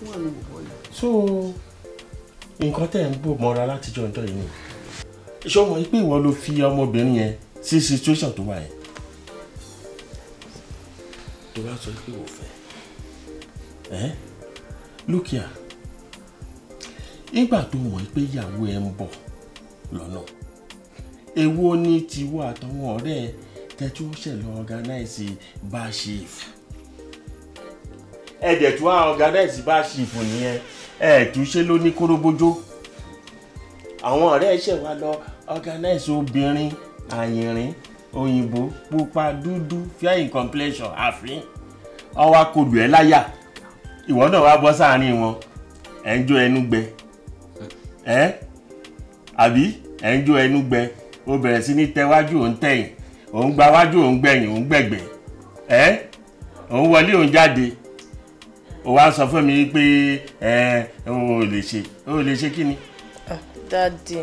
fún àmì ìbọ̀lá. so nǹkan tẹ̀ ń bò mọ́ra látijọ́ ọjọ́ yìí ni ṣé ọmọ yìí pé ìwọ ló fi ọmọbìnrin yẹn sí situation tó wà yẹn tó bá sọ pé wò fẹ́ ẹ́ lókìá nígbà tó mọ̀ pé ìyàwó ẹ̀ ń bọ̀ lọ́nà èwo ni tiwọ́ àtọwọn ọ̀rẹ́ ẹ tẹ́tí ó ṣẹlẹ̀ organize bá a ṣe ẹ̀dẹ̀ tún àwọn organize bá ṣìfù nìyẹn ẹ̀ tún ṣe ló ní kóróbójó àwọn ọ̀rẹ́ ṣẹ̀ wá lọ organize obìnrin àyìnrín òyìnbó pupa dúdú fair in complexion àfin ọwọ́ akọlù ẹ̀ láyà ìwọ náà wá bọ́ sáàárín wọn ẹ̀ ń jó ẹnu gbẹ ẹ́ àbí ẹ̀ ń jó ẹnu gbẹ o bẹ̀rẹ̀ sí ní tẹwájú òun tẹ̀yìn òun gbawájú òun gbẹ̀yìn òun gbẹ̀gbẹ̀ ẹ́ òun wọlé òun jáde o wá sọ fún mi pé ẹ o ò lè ṣe o ò lè ṣe kí ni. Ah, dadi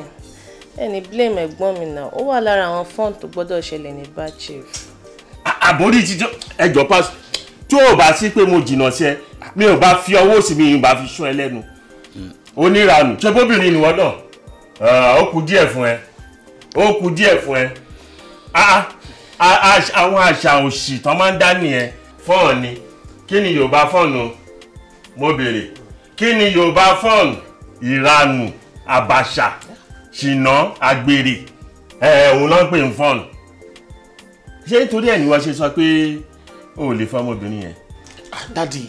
ẹni blame ẹ̀gbọ́n mi náà ó wà lára àwọn fọ́ọ̀n tó gbọ́dọ̀ ṣẹlẹ̀ ní bachir. àbórí ti ẹjọ pass tí o bá sí pé mo jìnnà sí ẹ mi ò bá fi ọwọ́ sí mi ì bá fi sún ẹ lẹ́nu hmm. oníranù ṣé bóbìnrin ni wọ́n náà ah, ó kù díẹ̀ fún ẹ ó kù díẹ̀ fún ẹ àwọn àṣà òṣì tán máa ń dá nìyẹn fọ́ọ̀n ni kí ni yorùbá fọ́ọ̀nù mo béèrè kí ni yorùbá fọ́ọ̀n ìranù àbàṣà ṣìnà àgbèrè ẹ̀ òun náà pè ń fọ́ọ̀n ṣé nítorí ẹ̀ ni wọ́n ṣe sọ pé o ò lè fẹ́ ọmọbìnrin yẹn. Ah, dadi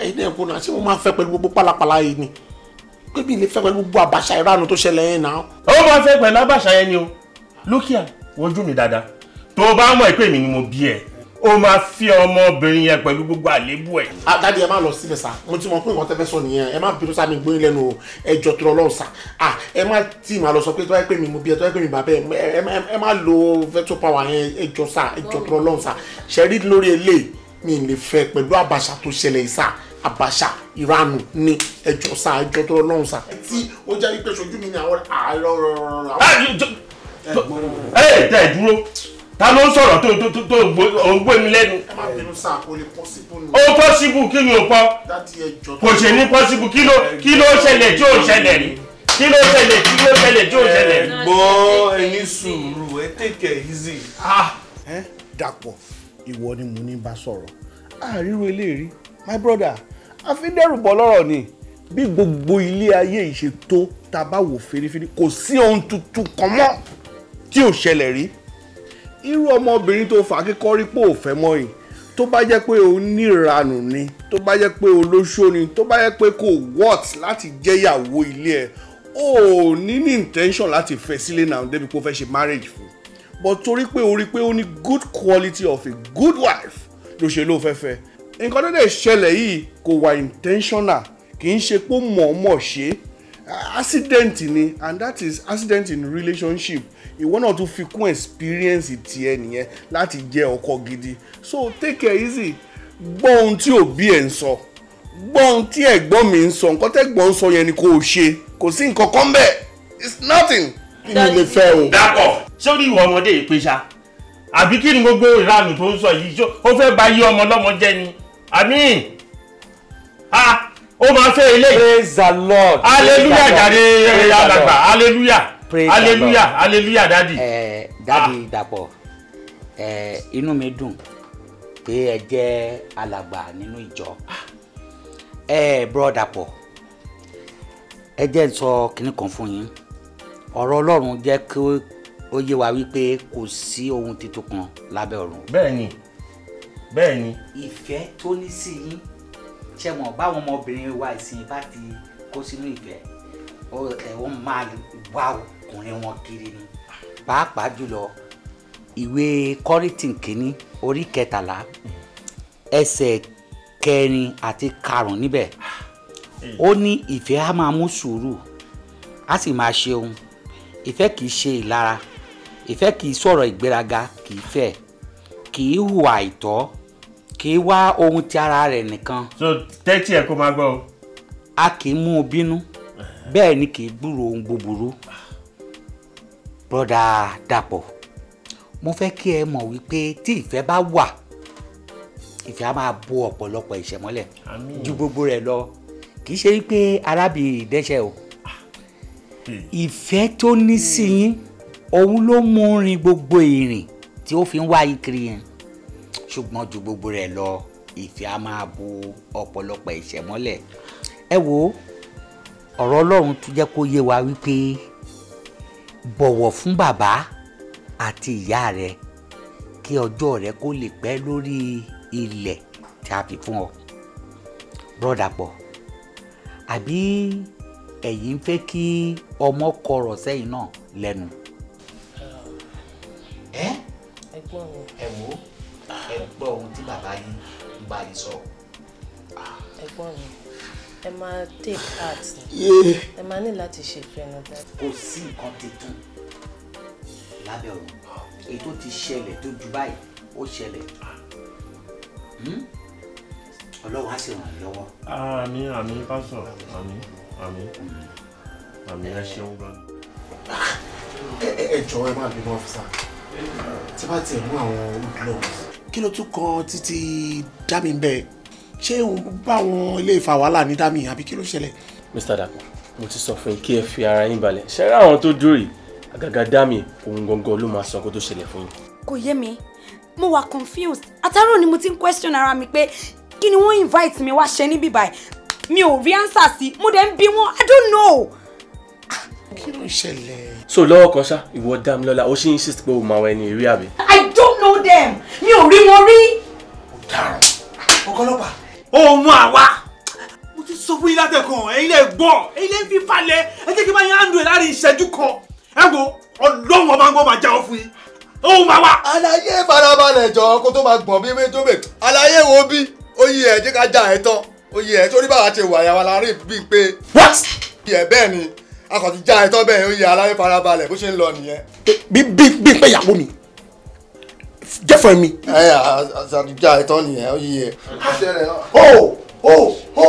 ẹyin náà kò náà ṣé mo máa fẹ́ pẹ̀lú gbogbo pálapàla yìí ni pé mi lè fẹ́ pẹ̀lú gbogbo àbàṣà ìranù tó ṣẹlẹ̀ yẹn náà. ó máa fẹ́ pẹ̀lú àbàṣà yẹn ni o lókìá wojú mi dáadáa tó o bá mọ̀ ẹ́ pé mi ni mo bí ẹ o máa fi ọmọbìnrin yẹn pẹ̀lú gbogbo àléébù ẹ̀. Ah, dádì ẹ má lọ síbẹ̀ sá mo ti mọ pé nǹkan tẹ́ fẹ́ sọ nìyẹn ẹ má bínú sá mi gbóyún lẹ́nu ẹjọ́ tó lọ́wọ́ sá ah, ẹ má tí ì má lọ sọ pé tó yẹ pé mi mo bí ẹ tó yẹ pé mi bàbá ẹ ẹ má lo veto power yẹn ẹjọ́ sá ẹjọ́ tó lọ́wọ́ sá ṣẹ́rí lórí eléyìí mi lè fẹ́ pẹ̀lú àbàṣà tó ṣẹlẹ̀ sá àbàṣà ìranù ni ẹjọ́ sá ẹjọ́ tó lọ́wọ́ sá tí ó jẹ́ pé ṣojú mi ni àwọn àárọ̀ rọ̀rọ̀ ta ló ń sọ̀rọ̀ tó tó tó tó ò ń gbé mi lẹ́nu. ó pọ́sibú kí ni o pọ́ kò ṣe ní pọ́sibú kí ló kí ló ṣẹlẹ̀ tí ò ṣẹlẹ̀ rí kí ló ṣẹlẹ̀ kí ló ṣẹlẹ̀ tí ò ṣẹlẹ̀ rí. gbọ́ ẹni sùúrù ẹ take it easy. Ah! dàpọ̀ ìwọ ni mo ní bá sọ̀rọ̀ àríwó eléyìí my brother àfidẹ́rùbọ̀ lọ́rọ̀ ni bí gbogbo ilé ayé ìṣètò tá a bá wò fèrèfèrè kò sí ohun tuntun kan mọ́ tí ò ṣẹlẹ̀ rí irú ọmọbìnrin tó fà kíkọ́rí pò fẹ́ mọ́ yìí tó bá jẹ́ pé o níranù ni tó bá jẹ́ pé o lóṣó ni tó bá jẹ́ pé kò wọ́t láti jẹ́yàwó ilé ẹ̀ o ò ní ní intention láti fẹ́ sílé náà débi pé o fẹ́ ṣe marriage fún but torí pé o rí pé o ní good quality of a good wife ló ṣe ló fẹ́ fẹ́ nǹkan tó dẹ̀ ṣẹlẹ̀ yìí kò wà intentional kì í ṣe pé mọ̀ọ́mọ̀ ṣe accident ni and that is accident in relationship ìwọ náà tún fi kún experience tiẹ̀ nìyẹn láti jẹ́ ọkọ gidi so take care, easy gbọ́ ohun tí òbí ẹ̀ ń sọ gbọ́ ohun tí ẹ̀gbọ́n mi ń sọ nǹkan tẹ́gbọ́n ń sọ yẹn ni kò ṣe kò sí nǹkan kan bẹ́ẹ̀ it's nothing kí ni lè fẹ́ o. dapò sórí ìwọ ọmọdé ìpè ṣá àbí kí ni gbogbo ìranù tó ń sọ yìí ó fẹ́ bà yí ọmọ lọ́mọ jẹ́ ni àmín ó máa fẹ́ ilé. praise the lord. hallelujah jàre alàgbà hallelujah praise Alleluia, God. hallelujah dadi. ẹ dadi ah. dapò ẹ eh, inú mi dùn pé ẹ jẹ́ alàgbà nínú ìjọ ẹ eh, bro dapò ẹ jẹ́ n sọ kinní kan fún yín ọ̀rọ̀ Ọlọ́run jẹ́ kí ó yé wa wípé kò sí ohun tuntun kan lábẹ́ ọ̀run. bẹ́ẹ̀ni bẹ́ẹ̀ni. ìfẹ́ tó ní sí yín ṣe mọ̀ báwọn ọmọbìnrin wa ìsìn bá ti kó sínú ìfẹ́ ẹ̀ wọ́n máa wá o ọkùnrin wọn kiri ni pàápàá jùlọ ìwé kọ́rìtìn kínní orí kẹtàlá ẹsẹ̀ kẹrin àti karùn-ún níbẹ̀ ó ní ìfẹ́ á máa mú sùúrù á sì máa ṣeun ìfẹ́ kì í ṣe ìlara ìfẹ́ kì í sọ̀rọ̀ ìgbéraga kì í fẹ́ kì í hùwà àìtọ́ kì í wá ohun ti ara rẹ̀ nìkan. so tẹ́tí ẹ̀ kó máa gbọ́ o. a kì í mú un bínú bẹ́ẹ̀ ni kì í gbúròó ohun búburú broda Dàpọ̀ mo fẹ́ kí ẹ mọ̀ wípé tí ìfẹ́ bá wà ìfẹ́ á máa bo ọ̀pọ̀lọpọ̀ ìṣẹ̀mọ́lẹ̀ ju gbogbo rẹ̀ lọ kì í ṣe wípé arábìnrin ìdẹ́ṣẹ̀ o ah, ìfẹ́ tó ní sí yín òun ló mú rin gbogbo ìrìn tí ó fi ń wá yín kiri yẹn ṣùgbọ́n ju gbogbo rẹ̀ lọ ìfẹ́ á máa bo ọ̀pọ̀lọpọ̀ ìṣẹ̀mọ́lẹ̀ ẹ wo ọ̀rọ̀ Ọlọ́run tún jẹ́ kó yé wa wípé bọ̀wọ̀ fún bàbá àti ìyá rẹ kí ọjọ́ rẹ kó lè pẹ́ lórí ilẹ̀ tí a fi fún ọ Brọ́dàpọ̀ àbí ẹ̀yin fẹ́ kí ọmọ kọrọ̀ sẹ́yìn náà lẹ́nu. ẹ ẹ wo ẹ gbọ́ ohun tí bàbá yín bá yín sọ. ẹ gbọ́ mi ẹ máa take heart ẹ máa ní láti ṣe ìpinnu dáadáa. kò sí nǹkan tuntun lábẹ́ ọ̀run èyí tó ti ṣẹlẹ̀ tó ju báyìí ó ṣẹlẹ̀ hmm? ọlọ́wọ́ á sì ràn yín lọ́wọ́. àmín àmín pásọ̀ àmín àmín hmm. àmín ẹ ṣeun gan. ẹ jọ̀ọ́ ẹ má bínú ọ́fíìsà tí bá tiẹ̀ mú àwọn gloves. kí ló tún kan títí dá mi bẹ́ẹ̀ ṣé òun bá àwọn ilé ìfà wàhálà ní dami àbí kí ló ṣẹlẹ̀. Mr. Dapo mo ti sọ fún yín kí ẹ fi ara yín balẹ̀ ṣẹ́rẹ́ àwọn tó dúró àgàgà dami òun gangan ló máa san kó tó ṣẹlẹ̀ fún yín. kò yé mi mo wà confused àtàrò ni mo ti ń question ara mi pé kí ni wọ́n invite mi wá ṣe níbí báyìí mi ò rí answer sí mo dẹ̀ ń bi wọn i don't know. kí ló ń ṣẹlẹ̀. so lọ́wọ́ kan ṣá ìwọ Dámilọ́lá ó ṣì ń insist pé o máa wọ ẹni rí àbí. i don't know them mi ò rí wọn rí. ọ̀daràn ọ̀gọ́lọ́pàá òun àwa mo ti sọ fún yín látẹ̀kàn ẹ̀yin lè gbọ́ ẹ̀yin lè fi falẹ̀ ẹ jẹ́ kí n bá yín àndó ẹ̀ láàrin ìṣẹ́jú kan ẹ wo ọlọ́run ọba ń gbọ́ máa jáwọ́ fún yín òun máa wà. àlàyé farabalẹ̀ jọ kó tó máa gbọ̀n bí wíńdó bẹ̀ àlàyé wo bí oyè ẹ̀ jẹ́ ká já ẹ̀ tán oyè ẹ̀ torí báwa ti wà yàrá láàrin bíi pé. what. oyè ẹ̀ bẹ́ẹ̀ ni a kò ti já ẹ̀ tán bẹ́ẹ̀ oyè àlàyé farabalẹ̀ bó ṣe ń lọ nìyẹn. bí bí bí pé ìyàwó mi girlfriend mi. ẹ ẹ àṣàdùjà ẹ̀tọ́ nìyẹn ó yí ẹ. o o o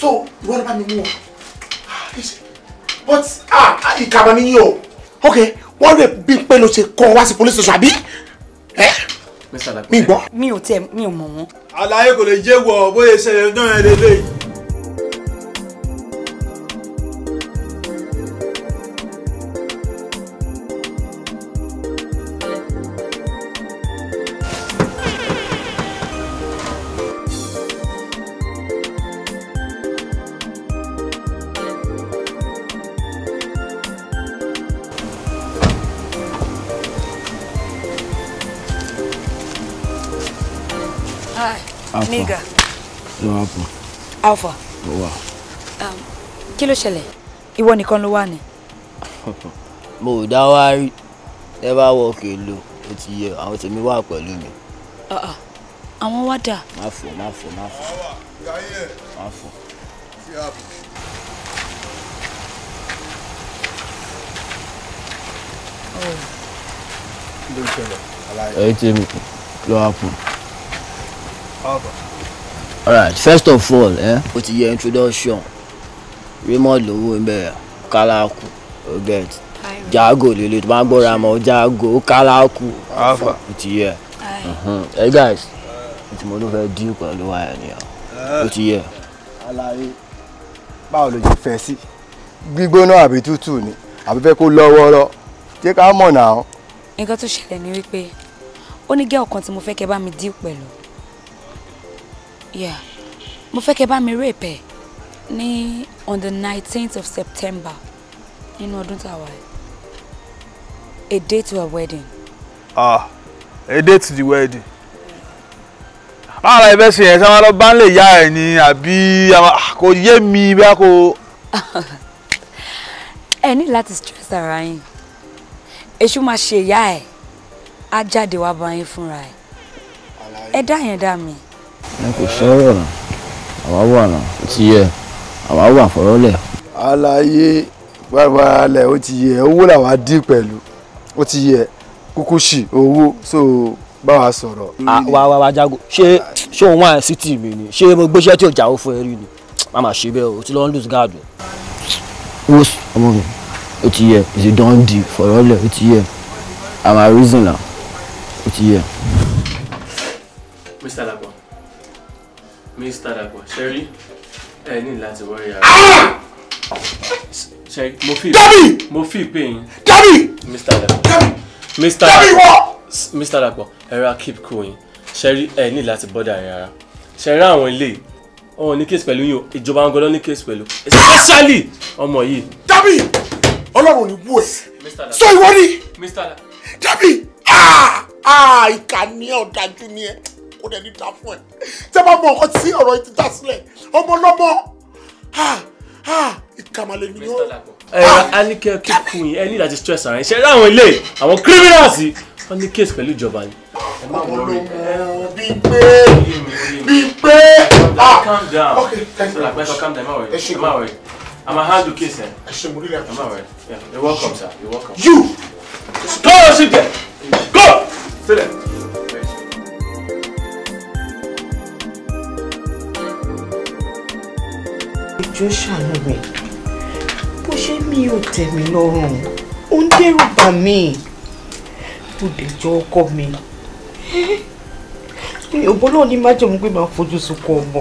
so ìwọ ló bá mi mú wọn but ah ìkàbà mi yí o. ok wọ́n rẹ̀ bí pé ló ṣe kọ́ wá sí police station àbí mi gbọ́. mi ò tẹ mi ò mọ̀ wọ́n. àlàyé kò lè jẹ́ wọ bóyá ìṣẹ̀lẹ̀ náà ẹ lélẹ́yìí. alpha. mo wà. Um, kí ló ṣẹlẹ̀ ìwọ nìkan ló wà ní. mo da dá wá rí ẹ bá wọ òkè lò ó ti yẹ àwọn tèmi wà pẹ̀lú mi. Ah, ah. àwọn wá dà. má fò má fò má fò má fò. ẹ jẹ́ mi lọ́wọ́ fún un alright first of all eh, o ti yẹ introduction raymond lówó mbẹ kálákù o get jago lele tó bá ń gbọ́ra mọ́ jago kálákù alpha o ti yẹ mhm. Hey guys tí mo ló fẹ́ dí pẹ̀lú wa ẹ̀ nìyà o eh. ti yẹ. alaye báwo ló ti fẹ́ sí gbígbóná àbí tútù ni àbí fẹ́ kó lọ́ wọ́ọ́rọ́ jẹ́ ká mọ̀ náà. nǹkan tó ṣẹlẹ̀ ni wípé ó ní gẹ́ ọ̀kan tí mo fẹ́ kẹ́ bá mi dí pẹ̀lú yeah mo fẹ́ kẹ́ bá mi rape ẹ̀ ní on the nineteenth of september nínú ọdún tá a wà a day to a wedding. ah a day to the wedding báwo la ẹfẹ ṣe yẹn ṣé wọn ń lè ya ẹ ni àbí ah, kò yé mi bí a kò. ẹ ní láti stress ara yín èṣù máa ṣe ìyá ẹ á jáde wá bá yín fúnra ẹ ẹ dá yẹn dá mi ẹ kò sọ̀rọ̀ àwa wà náà ó ti yẹ àwa wà fọ̀rọ̀lẹ̀. àlàyé gbàgbàralẹ̀ ó ti yẹ owó làwa dín pẹ̀lú ó ti yẹ kúkú sí owó so bá wa sọ̀rọ̀. wà wà wà jago ṣé ṣé òun wà ní city mi ni ṣé mo gbéṣẹ́ tí ò jáwó fún ẹ rí ni má má ṣe bẹ́ẹ̀ o ti lọ́ọ́ lose guard. wọ́n ọmọ mi ó ti yẹ èsì dán di fọ̀rọ̀lẹ̀ ó ti yẹ àmà reason la ó ti yẹ. Mr. Lapo. Mr. Dàpọ̀ Sherry, ẹ ní láti wọ́rí ara. ṣẹ́rí mo fi dábì mo fi ìpè yín. dábì Mr. Dàpọ̀ Mr. Dàpọ̀ Mr. Dàpọ̀ ẹ̀rọ keep cool yín ṣẹ́rí ẹ ní láti bọ́dà rẹ̀ ara ṣẹ́rí àwọn ilé ọ̀hún ní case pẹ̀lú yín o ìjọba ń gbọ́dọ̀ ní case pẹ̀lú especially ọmọ yìí. dábì ọlọ́run ní wú ẹ̀ sọ ìwọ ni dábì ah! ah! ìkà ni ọ̀dájú ni ẹ̀ kò dẹ̀ ní dá fún ẹ tẹ́ bá mọ ọkọ tí ọ̀rọ̀ yìí ti dá sílẹ̀ ọmọ lọ́mọ ìkàmàlẹ̀ mi yóò. ẹ anike kíkún yín ẹ ní láti stress ara yín ṣe láwọn ilé àwọn criminals wọn ní case pẹ̀lú ìjọba ni. ọmọ ló mọ bí pé bí pé. calm down sọlá pẹ́sọ calm down ẹ má wẹ̀ ẹ má I'm a handle case eh? ẹ. ẹ ṣe mo rí rẹ. ẹ má wẹ̀ you're welcome sir you go there go jọ ṣàánú mi bó ṣe mi ò tẹ́ mi lọ́rùn ó ń dẹ́rù bà mí ó dé jọ ọkọ mi mi ò bọ́ náà ní májèmú pé máa fojú sunkún ọmọ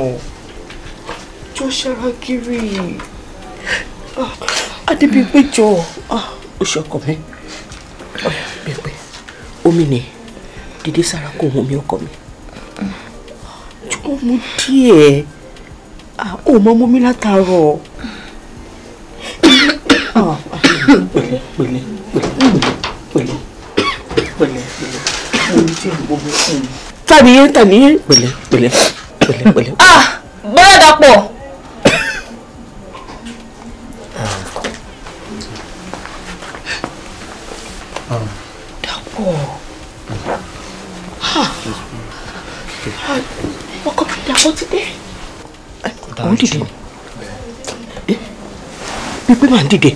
jọ ṣara kiri ah, adébíyẹ̀pẹ̀jọ oṣù ah, ọkọ mi pẹpẹ omi ni dìde sára kó omi ọkọ mi jọ mu díẹ̀ ò mọ mú mi látàárọ̀ pẹ̀lẹ́ pẹ̀lẹ́ pẹ̀lẹ́ pẹ̀lẹ́ pẹ̀lẹ́ tàníyé tàníyé pẹ̀lẹ́ pẹ̀lẹ́ pẹ̀lẹ́ pẹ̀lẹ́. ah bọ́lá dàpọ̀. entity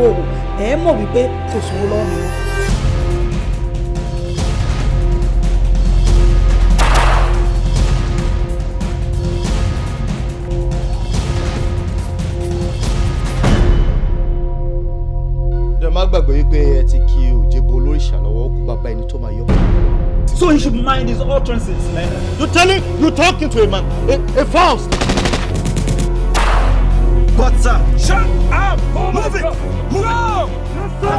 wò ó mọ̀ wípé kò sówó lọ́wọ́ mi. So you should mind his utterances, man. You telling, you're talking to a man, a, a false. But sir, shut up! Oh Move it! God. No! Yes,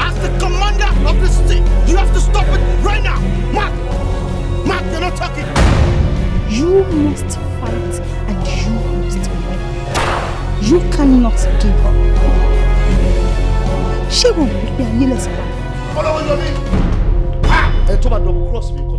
As the commander of this city, you have to stop it right now! Mark! Mark, you're not talking! You must fight and you must win. You cannot give up. Ṣé wọn kò gbé your lead. Ẹ tó bá double cross mi kọ́.